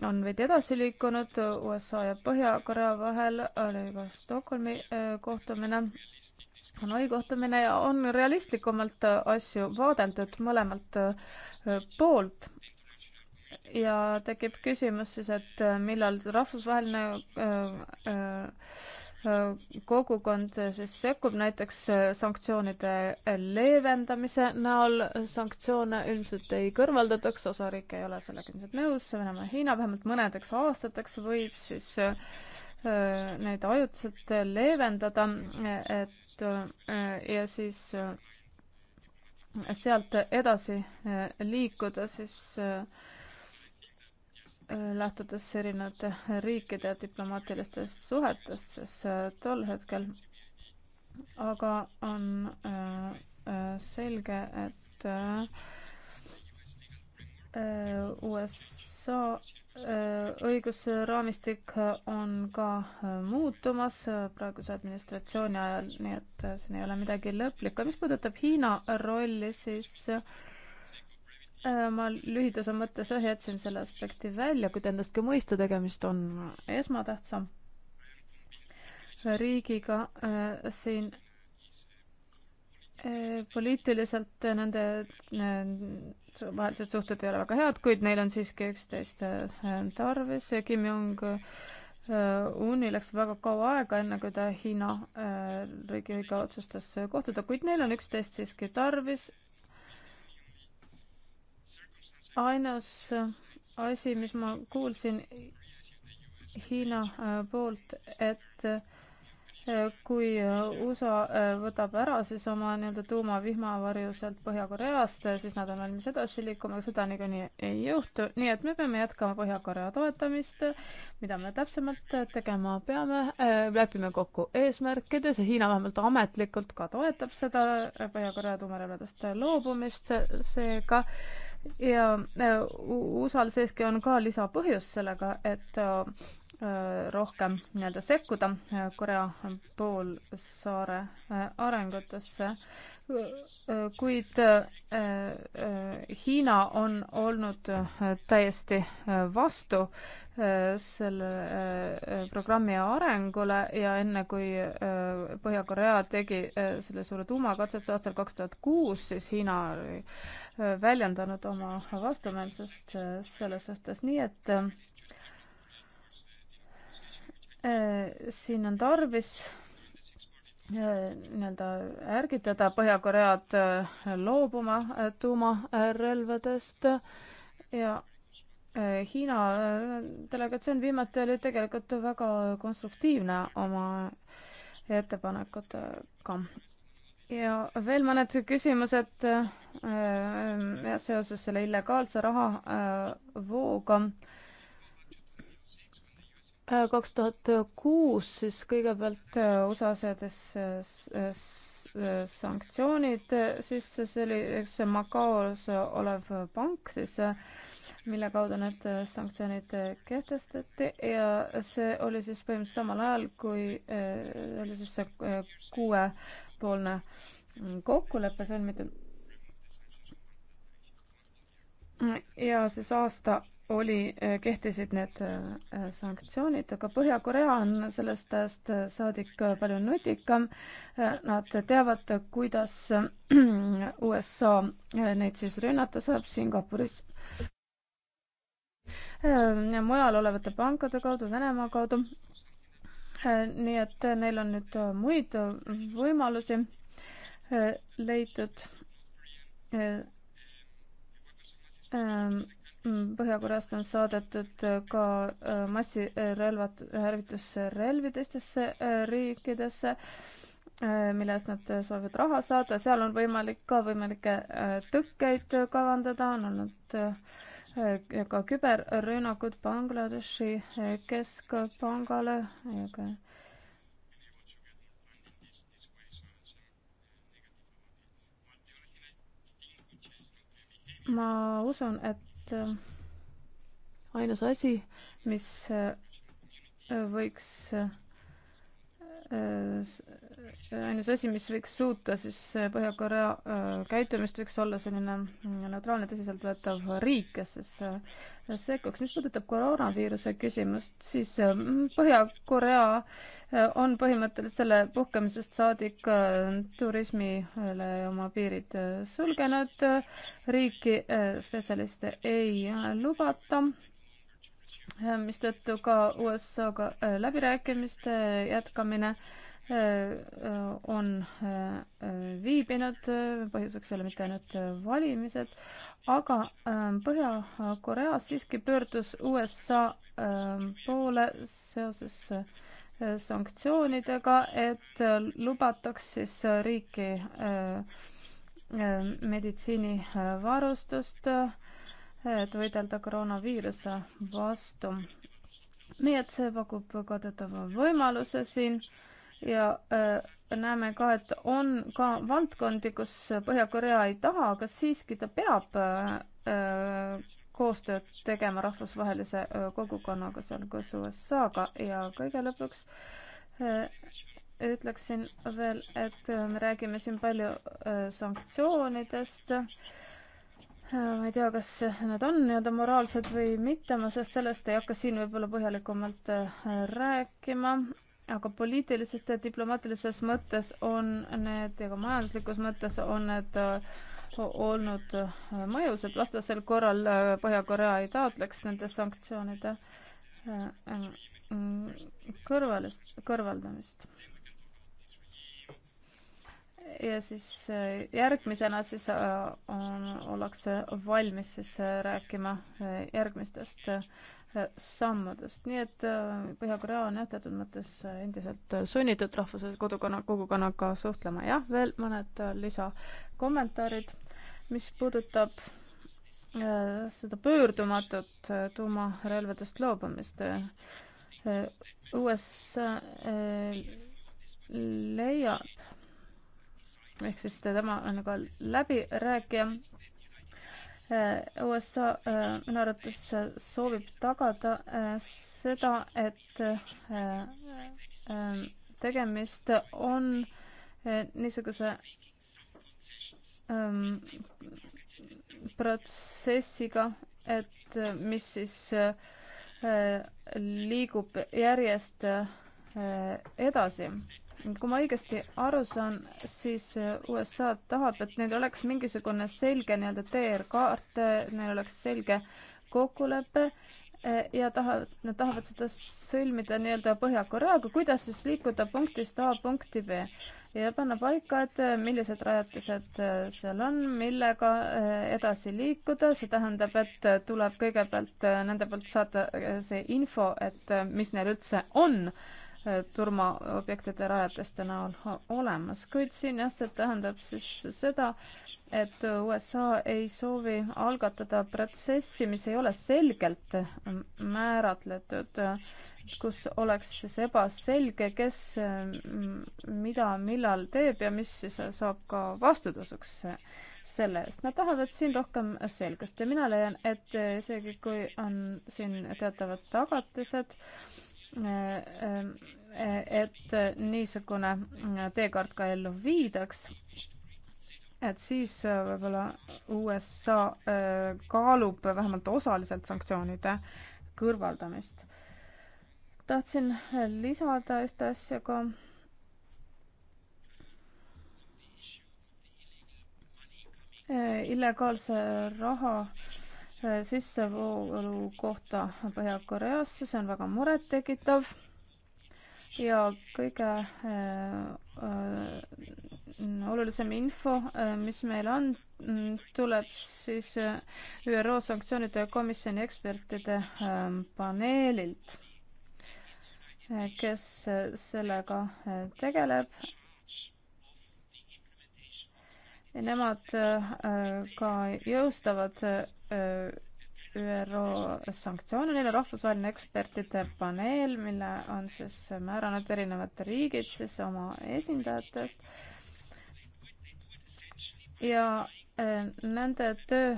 on veidi edasi liikunud USA ja Põhja-Korea vahel, oli ka Stockholmi äh, kohtumine, Hanoi kohtumine ja on realistlikumalt äh, asju vaadeldud mõlemalt äh, poolt. ja tekib küsimus siis, et millal rahvusvaheline Äh, kogukond siis sekkub näiteks äh, sanktsioonide leevendamise näol, sanktsioone ilmselt ei kõrvaldataks, osariik ei ole sellega ilmselt nõus, Venemaa ja Hiina vähemalt mõnedeks aastateks võib siis äh, neid ajutiselt leevendada, et ja siis sealt edasi liikuda, siis lähtudes erinevate riikide diplomaatilistest suhetest, siis äh, tol hetkel aga on äh, äh, selge, et USA õigusraamistik on ka muutumas praeguse administratsiooni ajal, nii et siin ei ole midagi lõplikku. mis puudutab Hiina rolli, siis Äh, ma lühidalt oma mõttes jah jätsin selle aspekti välja, kuid endast ka mõistu tegemist on esmatähtsam riigiga äh, siin äh, poliitiliselt nende äh, vahelised suhted ei ole väga head, kuid neil on siiski üksteist äh, tarvis. Kim Jong-uni äh, läks väga kaua aega, enne kui ta Hiina riigiga otsustas kohtuda, kuid neil on üksteist siiski tarvis ainus äh, asi, mis ma kuulsin Hiina äh, poolt, et äh, kui USA võtab ära siis oma nii-öelda tuumavihmavarju sealt Põhja-Koreast, siis nad on valmis edasi liikuma, aga seda niikuinii ei juhtu, nii et me peame jätkama Põhja-Korea toetamist, mida me täpsemalt tegema peame, lepime kokku eesmärkides ja Hiina vähemalt ametlikult ka toetab seda Põhja-Korea tuumarelvadest loobumist, seega ka ja äh, USA-l siiski on ka lisapõhjus sellega, et äh, rohkem nii-öelda sekkuda äh, Korea poolsaare arengutesse kuid äh, Hiina on olnud äh, täiesti äh, vastu selle programmi arengule ja enne, kui Põhja-Korea tegi selle suure tuumakatsetuse aastal kaks tuhat kuus, siis Hiina oli väljendanud oma vastumeelsust selles suhtes, nii et siin on tarvis Äh, nii-öelda ärgitada Põhja-Koread äh, loobuma äh, tuumarelvadest ja Hiina delegatsioon viimati oli tegelikult väga konstruktiivne oma ettepanekutega. ja veel mõned küsimused äh, seoses selle illegaalse rahavooga äh, kaks tuhat kuus siis kõigepealt äh, USA-seades äh, äh, sanktsioonid, siis see oli üks Macaos olev pank siis, mille kaudu need sanktsioonid kehtestati ja see oli siis põhimõtteliselt samal ajal, kui oli siis see kuuepoolne mm, kokkulepe sõlmitud. ja siis aasta oli, eh, kehtisid need eh, sanktsioonid, aga Põhja-Korea on sellest ajast eh, saadik palju nutikam. Nad teavad, kuidas USA neid siis rünnata saab Singapuris ja mujal olevate pankade kaudu, Venemaa kaudu. nii et neil on nüüd muid võimalusi leitud Mm, Põhja-Koreast on saadetud äh, ka äh, massirelvad, hävitusrelvi teistesse äh, riikidesse, mille eest nad soovivad raha saada, seal on võimalik ka võimalikke tõkkeid kavandada, on olnud ka küberrünnakud Bangladeshi keskpangale, aga ma usun, et et äh, ainus asi, mis äh, võiks äh, Äh, ainus asi, mis võiks suuta siis äh, Põhja-Korea äh, käitumist, võiks olla selline mm, neutraalne tõsiseltvõetav riik, kes siis sekkuks. mis puudutab koroonaviiruse küsimust, siis Põhja-Korea on põhimõtteliselt selle puhkemisest saadik turismile oma piirid sulgenud, riiki spetsialiste ei lubata Äh, mistõttu ka USA-ga äh, läbirääkimiste äh, jätkamine on viibinud, põhjuseks ei ole mitte ainult valimised, aga ähm, Põhja-Koreas siiski pöördus USA ähm, poole seoses sanktsioonidega, et lubataks siis riiki meditsiinivarustust äh, et võidelda koroonaviiruse vastu. nii et see pakub kadedava võimaluse siin ja äh, näeme ka, et on ka valdkondi, kus Põhja-Korea ei taha, aga siiski ta peab äh, koostööd tegema rahvusvahelise äh, kogukonnaga, sealhulgas USA-ga ja kõige lõpuks äh, ütleksin veel, et äh, me räägime siin palju äh, sanktsioonidest Äh, ma ei tea, kas need on nii-öelda moraalsed või mitte, ma sellest, sellest ei hakka siin võib-olla põhjalikumalt äh, rääkima, aga poliitilises ja diplomaatilises mõttes on need ja ka majanduslikus mõttes on need äh, olnud mõjusad, vastasel korral Põhja-Korea ei taotleks nende sanktsioonide kõrvalist, kõrvaldamist ja siis äh, järgmisena siis äh, on, ollakse valmis siis äh, rääkima järgmistest sammudest, nii et Põhja-Korea on jah, teatud mõttes endiselt sunnitud rahvuse kodukonna, kogukonnaga suhtlema. jah, veel mõned lisakommentaarid, mis puudutab seda pöördumatut tuumarelvadest loobumist. USA leiab ehk siis tema on ka nagu läbirääkija. USA äh, minu arvates äh, soovib tagada äh, seda, et tegemist on niisuguse ähm, protsessiga, et mis siis liigub järjest edasi kui ma õigesti aru saan, siis USA tahab, et neil oleks mingisugune selge nii-öelda teerkaart, neil oleks selge kokkulepe eh, ja tahavad, nad tahavad seda sõlmida nii-öelda Põhja-Koreaga, kuidas siis liikuda punktist A punkti B ja panna paika, et eh, millised rajatised eh, seal on, millega edasi liikuda, see tähendab, et tuleb kõigepealt nende poolt saada see info, et mis neil üldse on turmaobjektide rajatiste näol olemas, kuid siin jah, see tähendab siis seda, et USA ei soovi algatada protsessi, mis ei ole selgelt määratletud, kus oleks siis ebaselge, kes mida millal teeb ja mis siis saab ka vastutasuks selle eest. Nad tahavad siin rohkem selgust ja mina leian, et isegi kui on siin teatavad tagatised, et niisugune teekaart ka ellu viidaks, et siis võib-olla USA äh, kaalub vähemalt osaliselt sanktsioonide kõrvaldamist. tahtsin lisada ühte asja ka äh, illegaalse raha Äh, sissevoolu kohta Põhja-Koreasse, see on väga murettekitav ja kõige äh, äh, olulisem info äh,, mis meil on, mm, tuleb siis äh, ÜRO sanktsioonide komisjoni ekspertide ähm, paneelilt, äh, kes sellega tegeleb. Nemad ka jõustavad ÜRO sanktsioone, neil on rahvusvaheline ekspertide paneel, mille on siis määranud erinevate riigid siis oma esindajatest. ja nende töö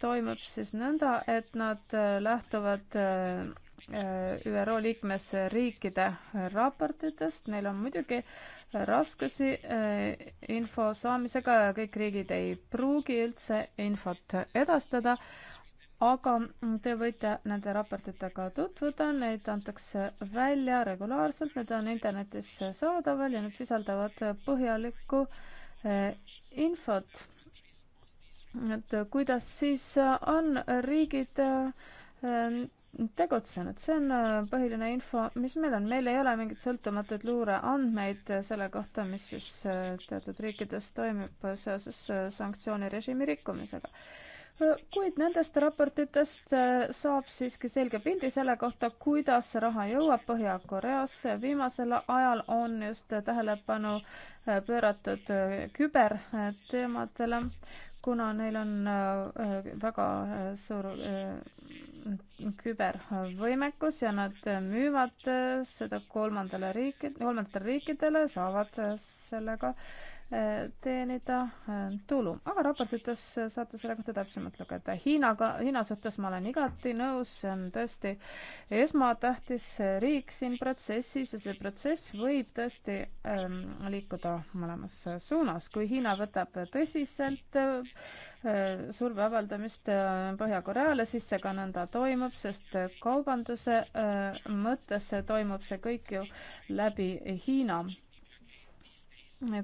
toimub siis nõnda, et nad lähtuvad ÜRO liikmesriikide raportitest, neil on muidugi raskusi äh, info saamisega ja kõik riigid ei pruugi üldse infot edastada, aga te võite nende raportitega tutvuda, neid antakse välja regulaarselt, need on internetis saadaval ja need sisaldavad põhjalikku äh, infot. et kuidas siis on riigid äh, tegutsenud, see on äh, põhiline info, mis meil on, meil ei ole mingeid sõltumatuid luureandmeid äh, selle kohta, mis siis äh, teatud riikides toimib seoses sanktsioonirežiimi rikkumisega. kuid nendest raportitest saab siiski selge pildi selle kohta, kuidas raha jõuab Põhja-Koreasse. viimasel ajal on just tähelepanu pööratud küberteemadele, kuna neil on äh, väga äh, suur äh, kübervõimekus ja nad müüvad seda kolmandale riiki, kolmandatele riikidele, saavad sellega äh, teenida äh, tulu. aga raportites saate selle kohta täpsemalt lugeda. Hiinaga, Hiina suhtes ma olen igati nõus, see on tõesti esmatähtis riik siin protsessis ja see protsess võib tõesti ähm, liikuda mõlemas suunas. kui Hiina võtab tõsiselt äh, surve avaldamist äh, Põhja-Koreale, siis see ka nõnda toimub, sest kaubanduse äh, mõttes toimub see kõik ju läbi Hiina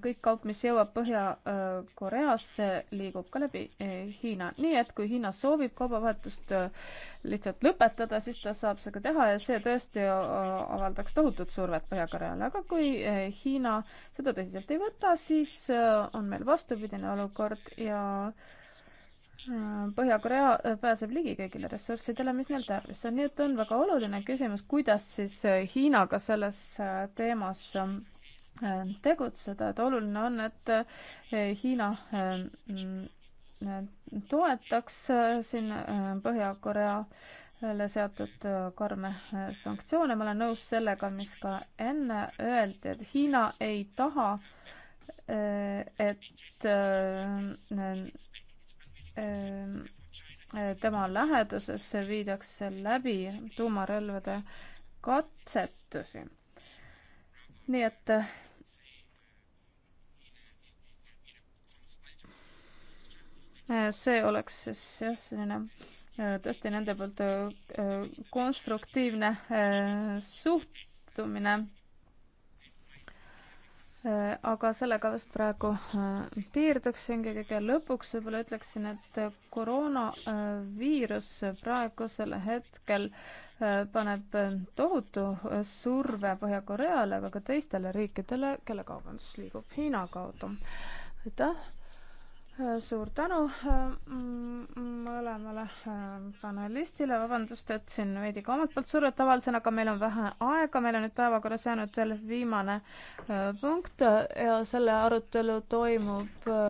kõik kaup, mis jõuab Põhja-Koreasse, liigub ka läbi eh, Hiina. nii et kui Hiina soovib kaubavahetust eh, lihtsalt lõpetada, siis ta saab seda teha ja see tõesti eh, avaldaks tohutut survet Põhja-Koreale. aga kui Hiina seda tõsiselt ei võta, siis on meil vastupidine olukord ja Põhja-Korea pääseb ligi kõigile ressurssidele, mis neil tarvis on, nii et on väga oluline küsimus, kuidas siis Hiinaga selles teemas tegutseda, et oluline on, et eh, Hiina eh, toetaks eh, siin Põhja-Koreale seatud karme sanktsioone, ma olen nõus sellega, mis ka enne öeldi, et Hiina ei taha, et tema läheduses viidakse läbi tuumarelvade katsetusi. nii et Äh, see oleks siis jah, selline äh, tõesti nende poolt äh, konstruktiivne suhtumine. aga sellega vist praegu piirduksingi, kõige lõpuks võib-olla ütleksin, et koroonaviirus praegusel hetkel paneb tohutu surve Põhja-Koreale, aga ka teistele riikidele, kelle kaubandus liigub Hiina kaudu. aitäh! suur tänu äh, mm, mõlemale äh, panelistile, vabandust, et siin veidi ka omalt poolt survet avaldasin, aga meil on vähe aega, meil on nüüd päevakorras jäänud veel viimane äh, punkt ja selle arutelu toimub